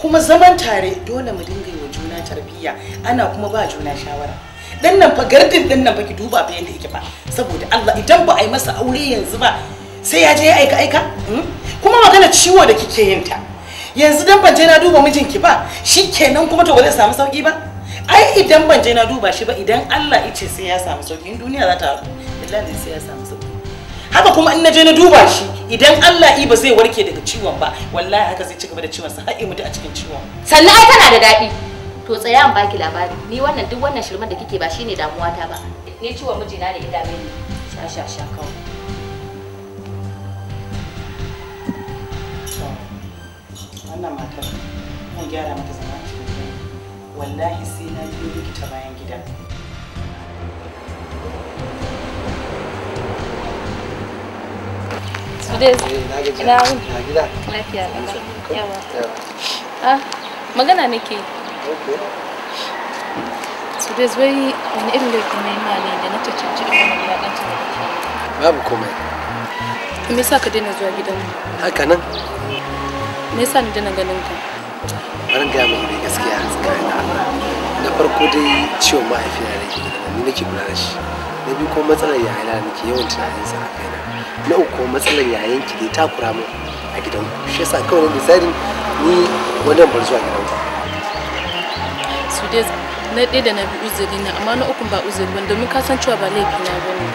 kuma zaman tare dole mu dinga yi wa juna tarbiyya ana kuma ba juna shawara dan nan fa gardin din nan fa ki duba ba yanda yake fa saboda Allah idan ba a yi masa aure yanzu ba sai ya je ya aika aika hmm? kuma magana ciwo da kike yin ta yanzu dan ban je na duba mijinki ba shikenan kuma to ba zai samu sauki ba ai idan ban je na duba shi ba idan Allah ya ce sai ya samu sauki in duniya za ta haɗu billahi sai ya samu sauki haka kuma in na je na duba shi idan Allah i ba zai warke daga ciwon ba wallahi haka zai ci gaba da ciwon sa har mutu a cikin ciwon sannan ai tana da daɗi to tsaya an baki labari ni wannan duk wannan shirman da kike ba shine damuwa ta ba ni ciwon mijina ne ina mini sha sha sha kawai wannan matar mun gyara mata zama cikin gida wallahi sai na biyo likita bayan gida Magana nake so there's very wani irin laifin na yi mali da na cancanci irin wani wulaƙanci da kake babu komai me yasa ka daina zuwa gidanmu haka nan me yasa ni daina ganin ka bari gaya miki dai gaskiya tsakanin Allah na farko dai ciwon mahaifiya da ke da ni nake kula da shi na a kaina na uku kuma matsalar yayanki dai takura min a gidanku shi yasa kawai na decidin ni wannan bar zuwa gidanku su dai na ɗaya da na bi uzuri na amma na ukun ba uzuri ban domin ka san cewa ba laifi na ba ne.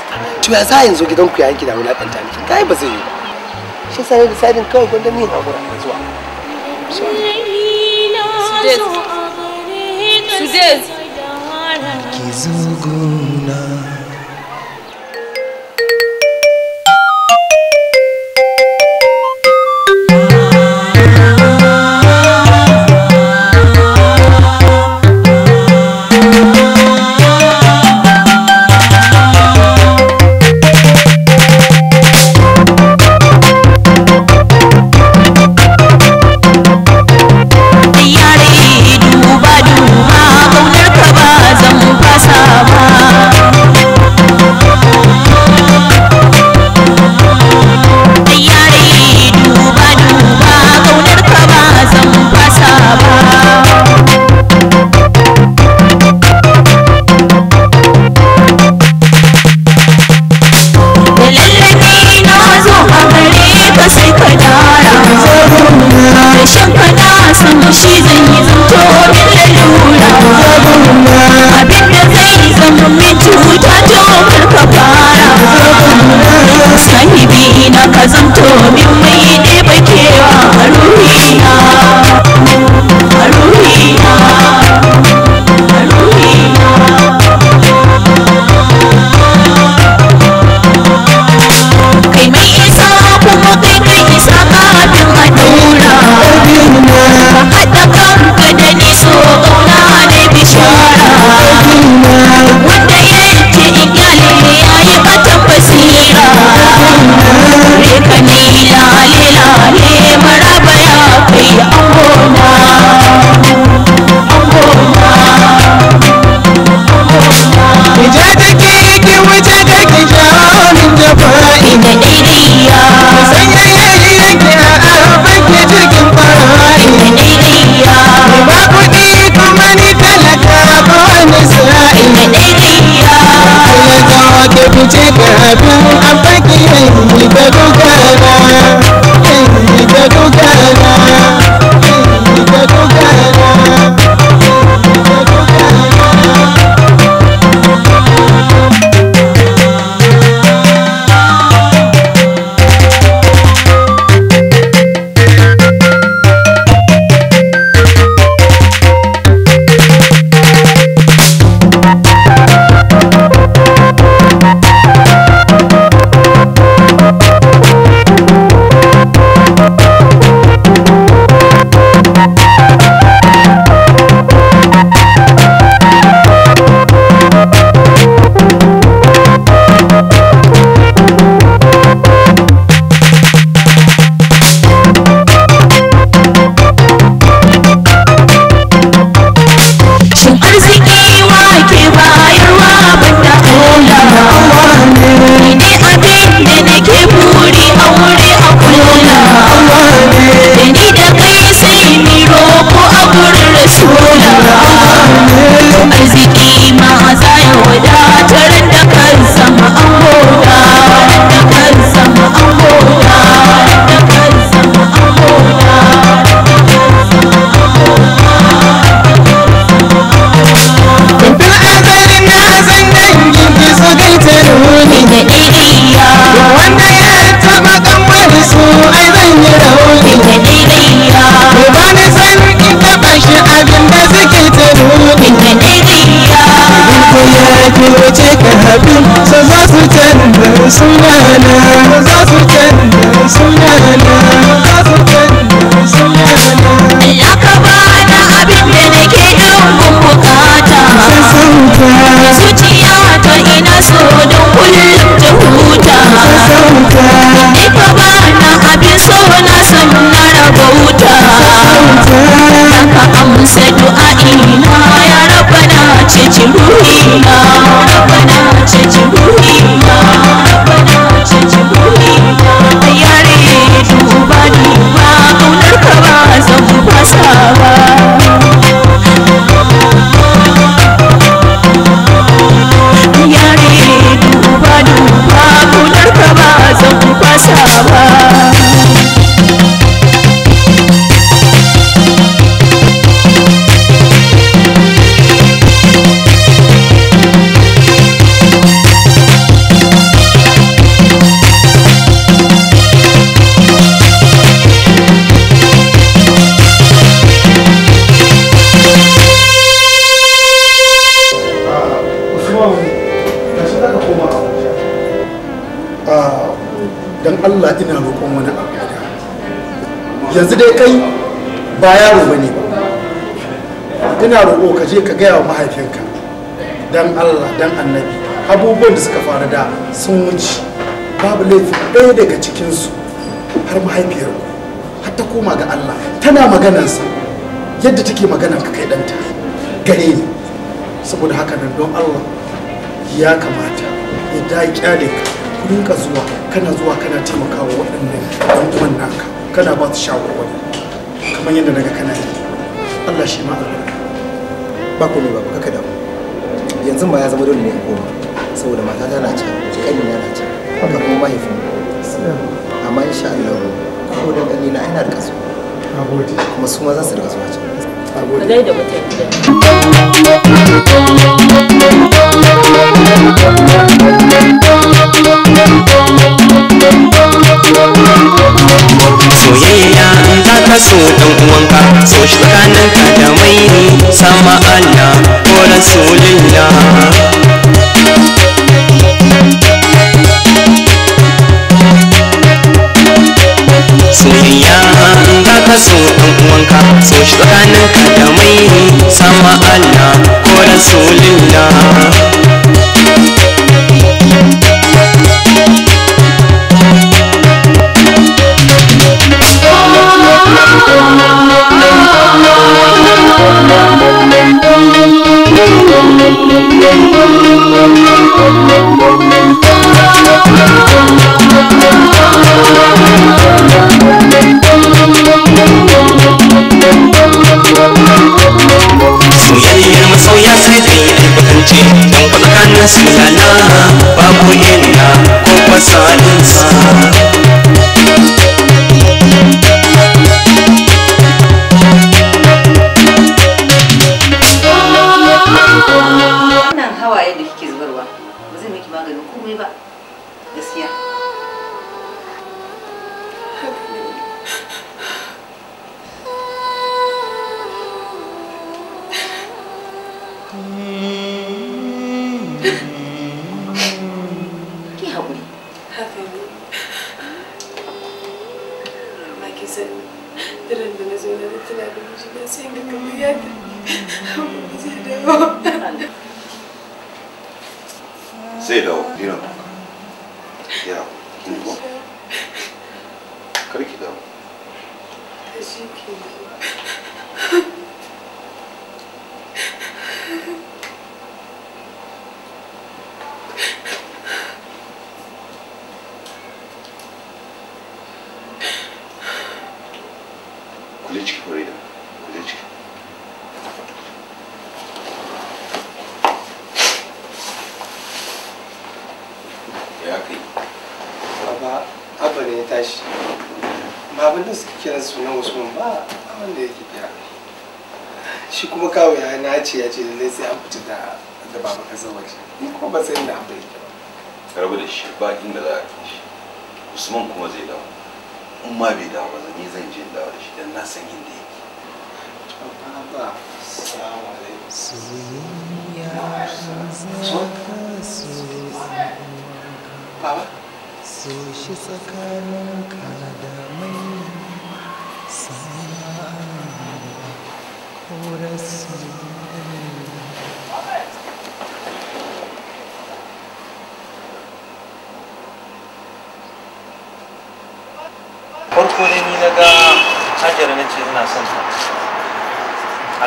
to ya za yanzu gidan ku yayin gida wani ɗanta miki kai ba zai yi shi sai da sadin kawai gwanda ni na gura da zuwa. Sudez. Sudez. Ki zo te iludir. ba yaro ba ne ina roƙo ka je ka gaya wa mahaifinka don allah dan annabi abubuwan da suka faru da sun wuce babu laifi ɗaya daga cikinsu har mahaifiyar har ta koma ga allah tana maganarsa yadda take magana ka kai ɗanta gare ni saboda haka nan don allah ya kamata ya da kyale ka ka zuwa kana zuwa kana taimakawa waɗannan ɗan uwan naka kana ba su shawarwari kamar yadda daga kana yi Allah shi ma Allah ba ku ne ba kaka da yanzu ba ya zama dole ne in koma saboda mata ta na ci kanin na ci haka kuma ba mahaifin amma insha Allah ko da na ina da kasu kaso kuma su ma za su da kaso a can da you. so dan uwanka so shi tsakanin ka da mai ni sama Allah ko rasulillah soyayya in za ka so dan uwanka so shi tsakanin ka da mai ni sama Allah ko rasulillah gaskana babu inda ko fasalinsa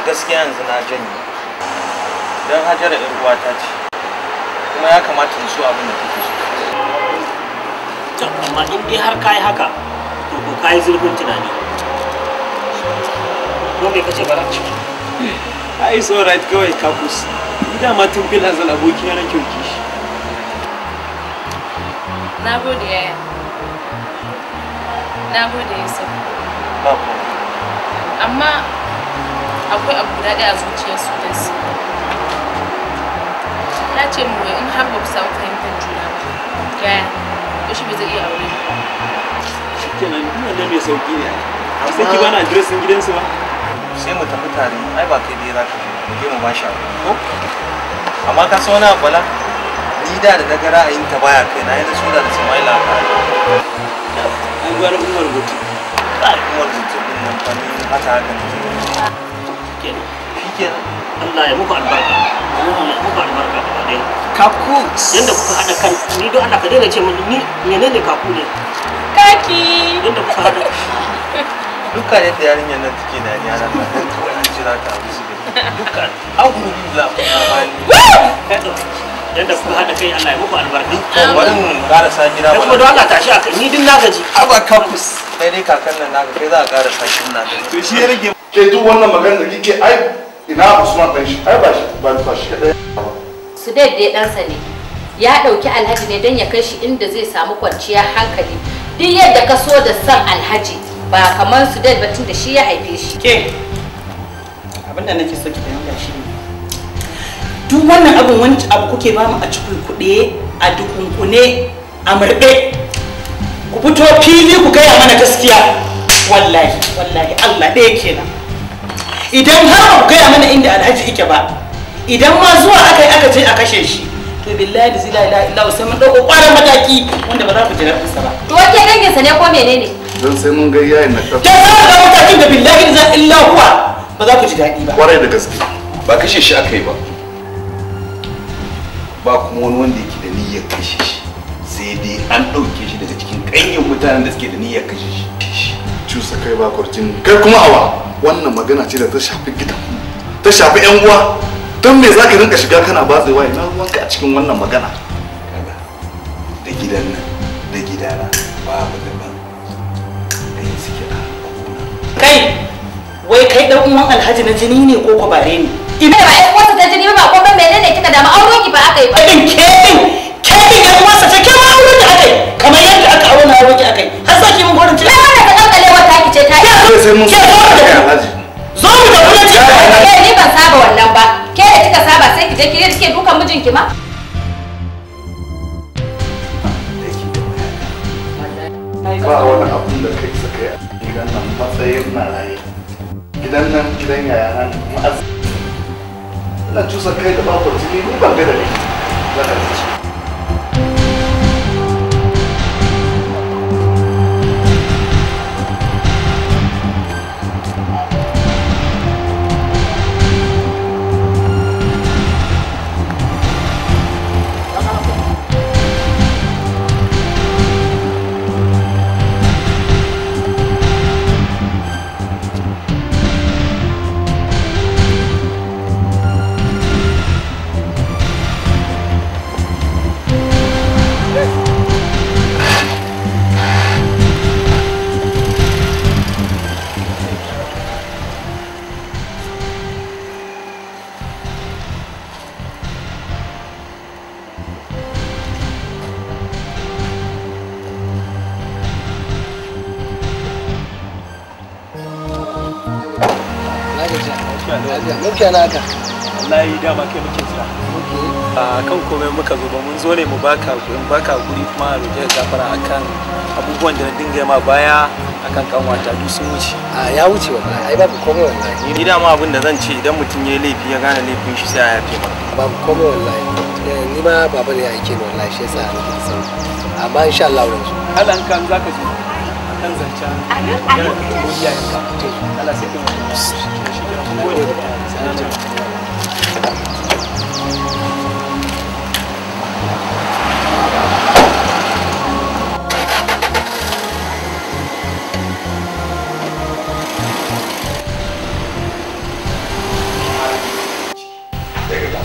gaskiya yanzu na janye don hajara yar uwata ce kuma ya kamata in so abin da kake so amma in dai har kayi haka to ko kayi zurfin tunani ko me kace bara ci ai so right kawai kakus ida ma tun fil hazal aboki yana kyauki shi na gode ya na gode yusuf amma akwai abu guda daya a su da su na ce mu in har ba ku samu fahimtar juna ba gaya yaushe bai zai iya aure shi kenan ina da mai sauki ne a sai ki bana adresin gidansu ba sai mu tafi tare ai ba kai dai ka mu je mu ba shi ko amma ka so na bala ni da da daga ra'ayin ta baya kai na yi da soda da samaila a kare an gwara umar gutu ba umar gutu din nan fa ni haka haka ne kenan shikenan Allah ya muku albarka Allah ya muku albarka gaba ɗaya kaku yanda kuka kan ni don ka daina ce mun ni menene kaku ne kaki yanda kuka haɗa duka yadda yarinyar ni ana ta jira ta musu da duka alhamdulillah yadda kuka hada kai Allah ya muku albarka wani mun karasa ba kuma don Allah tashi a kai ni din na gaji aba dai kakan nan kai za a to shi ya ke duk wannan magana da kike ai ina usman dan shi ai ba shi ba shi kadai su dai dai ɗansa ne ya ɗauki alhaji ne dan ya kai shi inda zai samu kwanciyar hankali duk yadda ka so da san alhaji ba kamar su dai batun da shi ya haife shi ke abinda nake so ki fahimta shi ne duk wannan abin wani abu kuke ba mu a cikin kuɗe a dukunkune a murɗe ku fito fili ku gaya mana gaskiya wallahi wallahi allah ɗaya kenan idan har ba gaya mana inda alhaji yake ba idan ma zuwa aka yi aka je a kashe shi to billahi da zila ila illa sai mun dauko kwarar mataki wanda ba za ku ji daɗin ba to ke dangin sa ne ko menene dan sai mun ga yayin na kafa dan sai ga matakin da billahi da illa huwa ba za ku ji daɗi ba kwarai da gaske ba kashe shi aka yi ba ba kuma wani wanda yake da niyyar kashe shi sai dai an ɗauke shi daga cikin ƙanyen mutanen da suke da niyyar kashe shi cusa kai ba kwarcin kai kuma awa wannan magana ce da ta shafi gidan ta shafi yan uwa don me zaka rinka shiga kana batsewa ina ruwanka a cikin wannan magana da gidan nan da gidana babu daban da yin suke a kai wai kai dan uwan alhaji na jini ne ko ko bare ne ina ba ai wata ta jini ba ko ban menene kika da ma ki ba aka yi ba kin ke kin yan uwansa ta ke ma aka yi kamar yadda aka auna sai mun zo mu da kuma ci eh ni ban saba wannan ba ke da kika saba sai ki je ki rike dukan mijinki ma ba wani abun da kai sa kai gidan nan matsayin na raye gidan nan gidan yaya nan ma'az ina cusa kai da babu jini ni ban ga da ni za ka ci lafiya kan komai muka zo ba mun zo ne mu baka gurin baka guri kuma a roƙe gafara akan abubuwan da na dinga ma baya akan kan wata duk sun wuce a ya wuce wallahi ai babu komai wallahi ni dama abin da zan ce idan mutum ya laifi ya gane laifin shi sai a yafe ba babu komai wallahi eh, ni ma baba ne ya aike ni wallahi shi yasa ni ke sauri amma insha Allah yanzu Allah kan zaka ji 这个我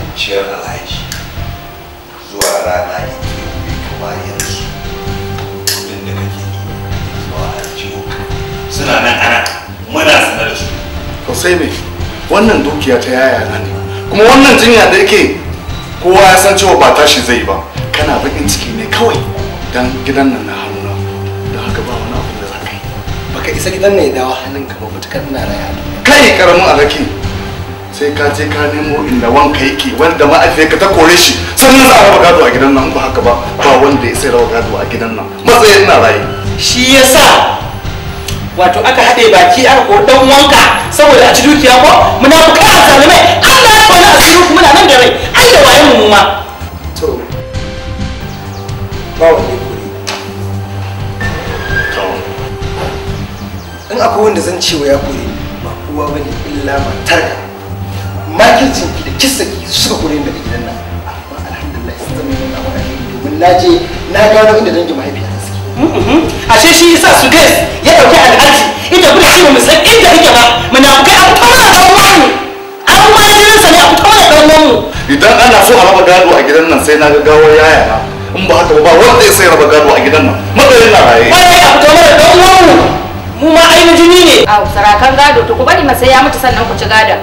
们切开来。sai ne wannan dukiya ta yaya na ne kuma wannan jinya da yake kowa ya san cewa ba tashi zai ba kana bakin ciki ne kawai dan gidan nan na hannuna da haka ba wani abu da za ka yi baka isa gidan nan ya dawo hannun ka ba mutukar na raya kai karamin alaki sai ka je ka nemo inda wanka yake wanda ma'aikata ta kore shi sannan za a raba gado a gidan nan ba haka ba ba wanda ya sai raba gado a gidan nan matsayin na raye shi yasa wato aka haɗe baki aka ko dan wanka saboda a ci dukiya ko munafukai a zalimai Allah ya kwana asirin ku muna nan da rai ai da waye mu ma to ba wanda kuri to in akwai wanda zan wa ya kuri ba kowa bane illa matar makircin ki da kissa ki suka kuri daga gidan nan amma alhamdulillah sun zama yana wani domin na je na gano inda dangin ashe shi yasa su gais ya dauki al'arji ita kuma shi mu san inda yake ba kai abu ta mana dan wani an ma jiran sa ne abu ta mana dan wani idan ana so a raba gado a gidan nan sai na ga gawar yaya na in ba haka ba wanda ya sai raba gado a gidan nan matsayin na raye wani ya fito mana dan wani mu ma ainihin jini ne a sarakan gado to ku bari masa ya mutu sannan ku ci gadon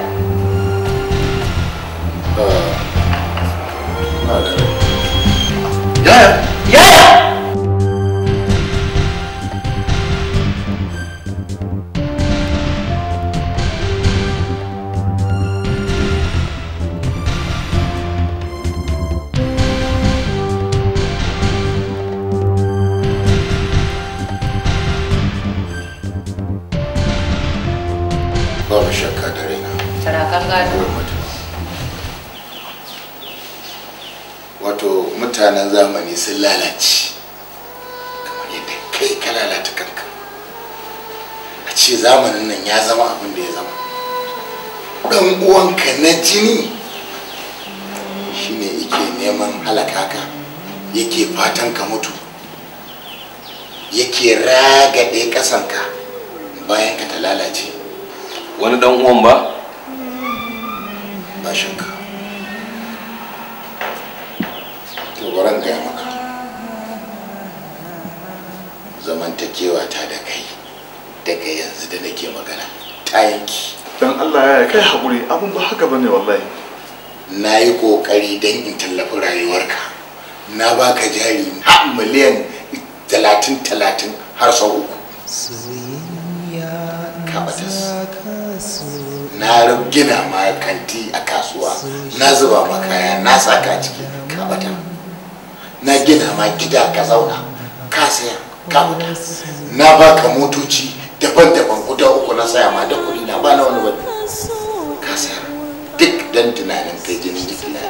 yaya yaya sarakan gado wato mutanen zamani sun lalace kamar yadda kai ka lalata kanka a ce zamanin nan ya zama abin da ya zama ɗan uwanka na jini shine yake neman halaka ka yake fatan ka mutu yake ragade ƙasanka bayan ka ta lalace wani dan uwan ba albashinka to baran gaya maka zamantakewa ta da kai daga yanzu da nake magana ta yanki don allah ya kai haƙuri abun ba haka bane wallahi na yi ƙoƙari don in tallafi rayuwarka na baka jari miliyan talatin talatin har sau uku ka batas na gina ma kanti a kasuwa na zuba ma kaya na saka ciki ka bata na gina ma gida ka zauna ka saya ka bata na baka motoci daban-daban guda uku na saya ma da kuɗi na ba na wani wani ka saya duk dan tunanin kai jinin jiki na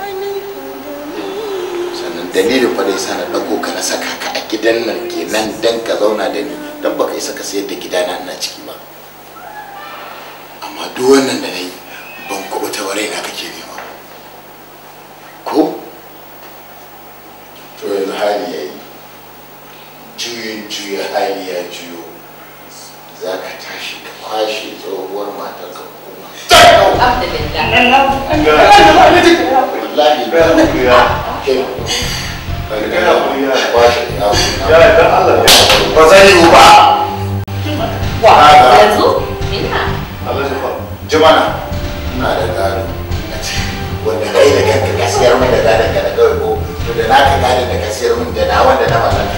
sannan dalilin fa dai sana dago ka na saka ka a gidan nan kenan dan ka zauna da ni dan baka isa ka sayar da gidana ina ciki amma duk wannan da na yi ban kubuta wa raina kake nema ko to yanzu hali ya yi juyin juya hali ya juyo za ka tashi ka kwashe tsohuwar matar ka kuma ba zai yi ba wa yanzu ina Allah ya jimana ina da gado a ciki wanda kai da kanka ka siyar min da gadon ka da kawai ko da na ka gado da ka siyar min da na wanda na mallaka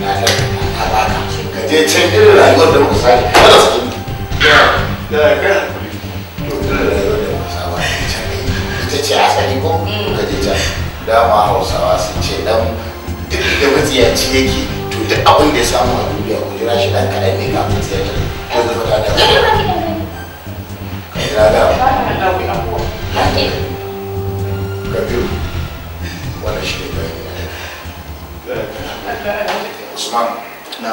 na da ka ba ka Ka je can irin rayuwar da muka sani kada su tuni da da ka to irin rayuwar da muka saba can ita ce asali ko mm. ka je can dama hausawa sun ce dan duk da matsiyaci yake to duk abin da ya samu a duniya ko jira shi dan kaɗan ne kafin tsayar da ko zama da Jalal. Kabiru. Wannan shi ne bayan Usman. Na.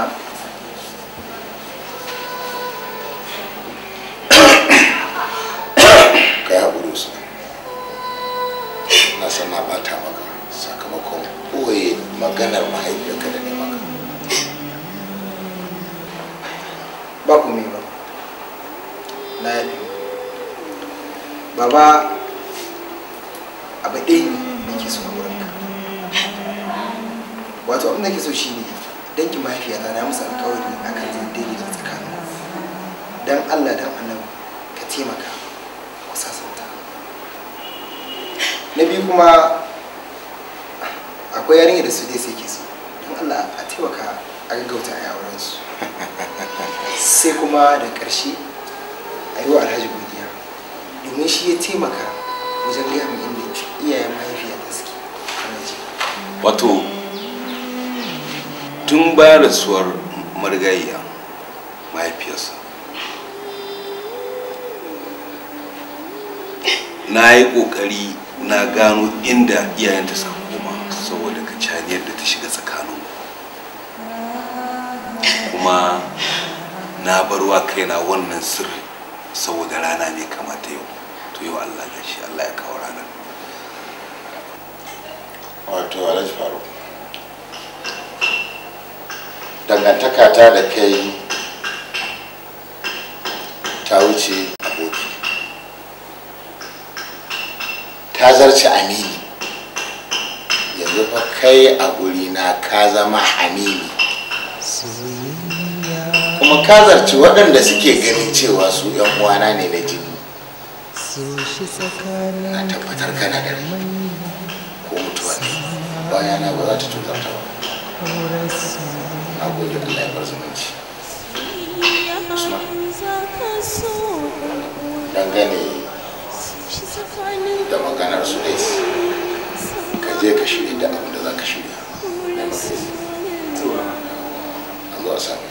Ka yi haƙuri Usman. Na na maka maganar Ba baba abu ɗaya ne nake so a wurin ka wato abin da ke so shine dangin mahaifiyata na musu alkawari akan daidai daidaita tsakanin don Allah dan annabi ka taimaka ku sasanta na biyu kuma akwai yarinya da su dai sai ke so don Allah a taimaka a gaggauta a auren su sai kuma da ƙarshe a yi wa alhaji domin shi ya taimaka wajen gaya mai inda iyayen mahaifiya da suke wato tun bayan rasuwar marigayiya mahaifiyarsa na yi ƙoƙari na gano inda iyayenta suka koma saboda ka da ta shiga tsakanin kuma na barwa kaina wannan sirri saboda rana ne kamata yau to wa allah allah ya kawo ranar wato alhaji faru dangantaka ta da kai ta wuce aboki ta zarce amini yanzu fa kai a guri na ka zama amini kuma ka zarci waɗanda suke ganin cewa su 'yan uwana ne na jini so shi tsakanin tabbatar kana da rai ko mutuwa ne baya na ba za ta cutar ta ba na gode Allah ya zumunci dangane da maganar su dai ka je ka shirya da abin da za ka shirya a zuwa sami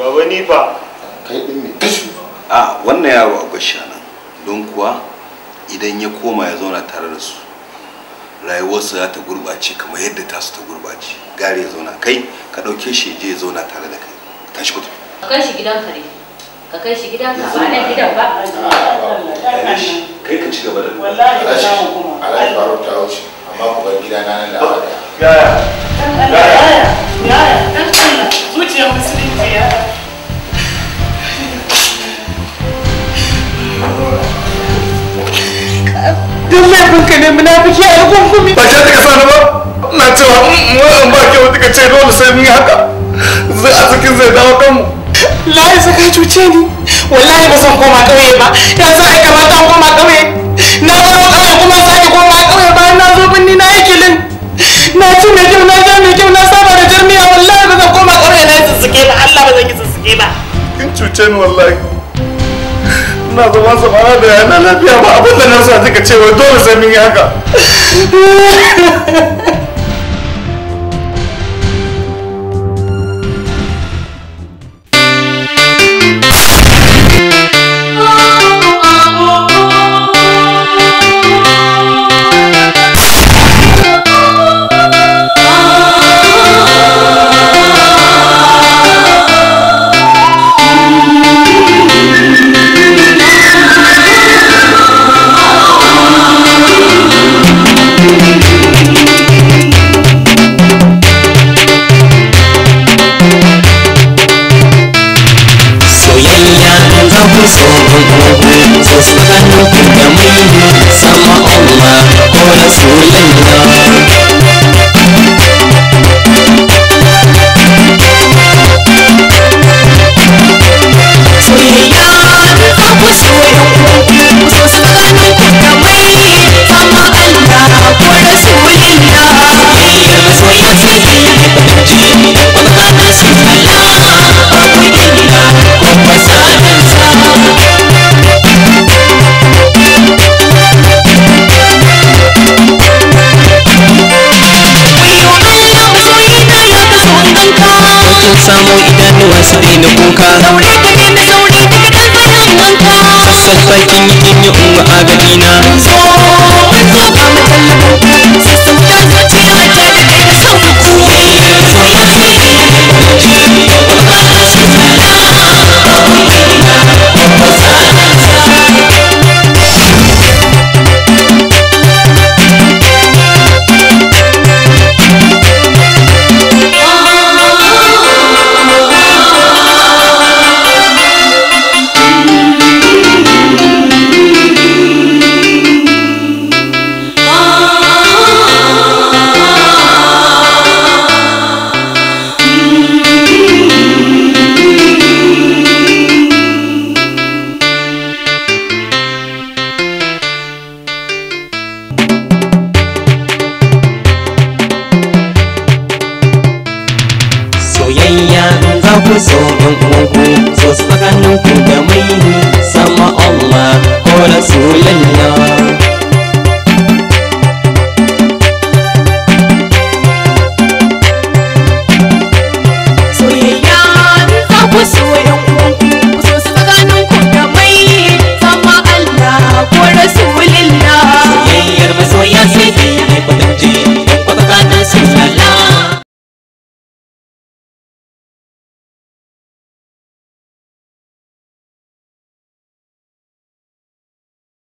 ba wani ba kai din ne, kashi a wannan yaro a gwashana don kuwa idan ya koma ya zauna tare da su rayuwarsa za ta gurbace kamar yadda ta su ta gurbace gare ya zauna kai ka ɗauke shi je ya zauna tare da kai tashi ku ka kai shi gidan kare ka kai shi gidan ka ba nan gidan ba kai ka ci gaba da wallahi ba za mu kuma alhaji ta wuce amma ku bar gida na nan da abada yaya yaya yaya zuciyar musulunci yaya duk laifin ka ne munafiki a yakunkumi ba ke ka sani ba na cewa mm, wannan ba kyau duka ce dole sai mun yi haka zai a cikin zai dawo kanmu lai kai cuce ni wallahi ba san koma kauye ba ya za a yi kamata an koma kauye na wani wakana kuma sake koma kauye bayan na zo birni na yi kilin na ci mai kyau na sha mai kyau na saba da jirmiya wallahi ba zan koma kauye na yi sussuke ba allah ba zan yi sussuke ba kin cuce ni wallahi suna zama su fara da yana lafiya ba abinda da na sa ce cewa dole sai mun yi haka Halloween. haske ni kuka Zaure ka ne na zaure ne kan fadan wanka Sassakin yi in yi a gadina Zo, zo ba mu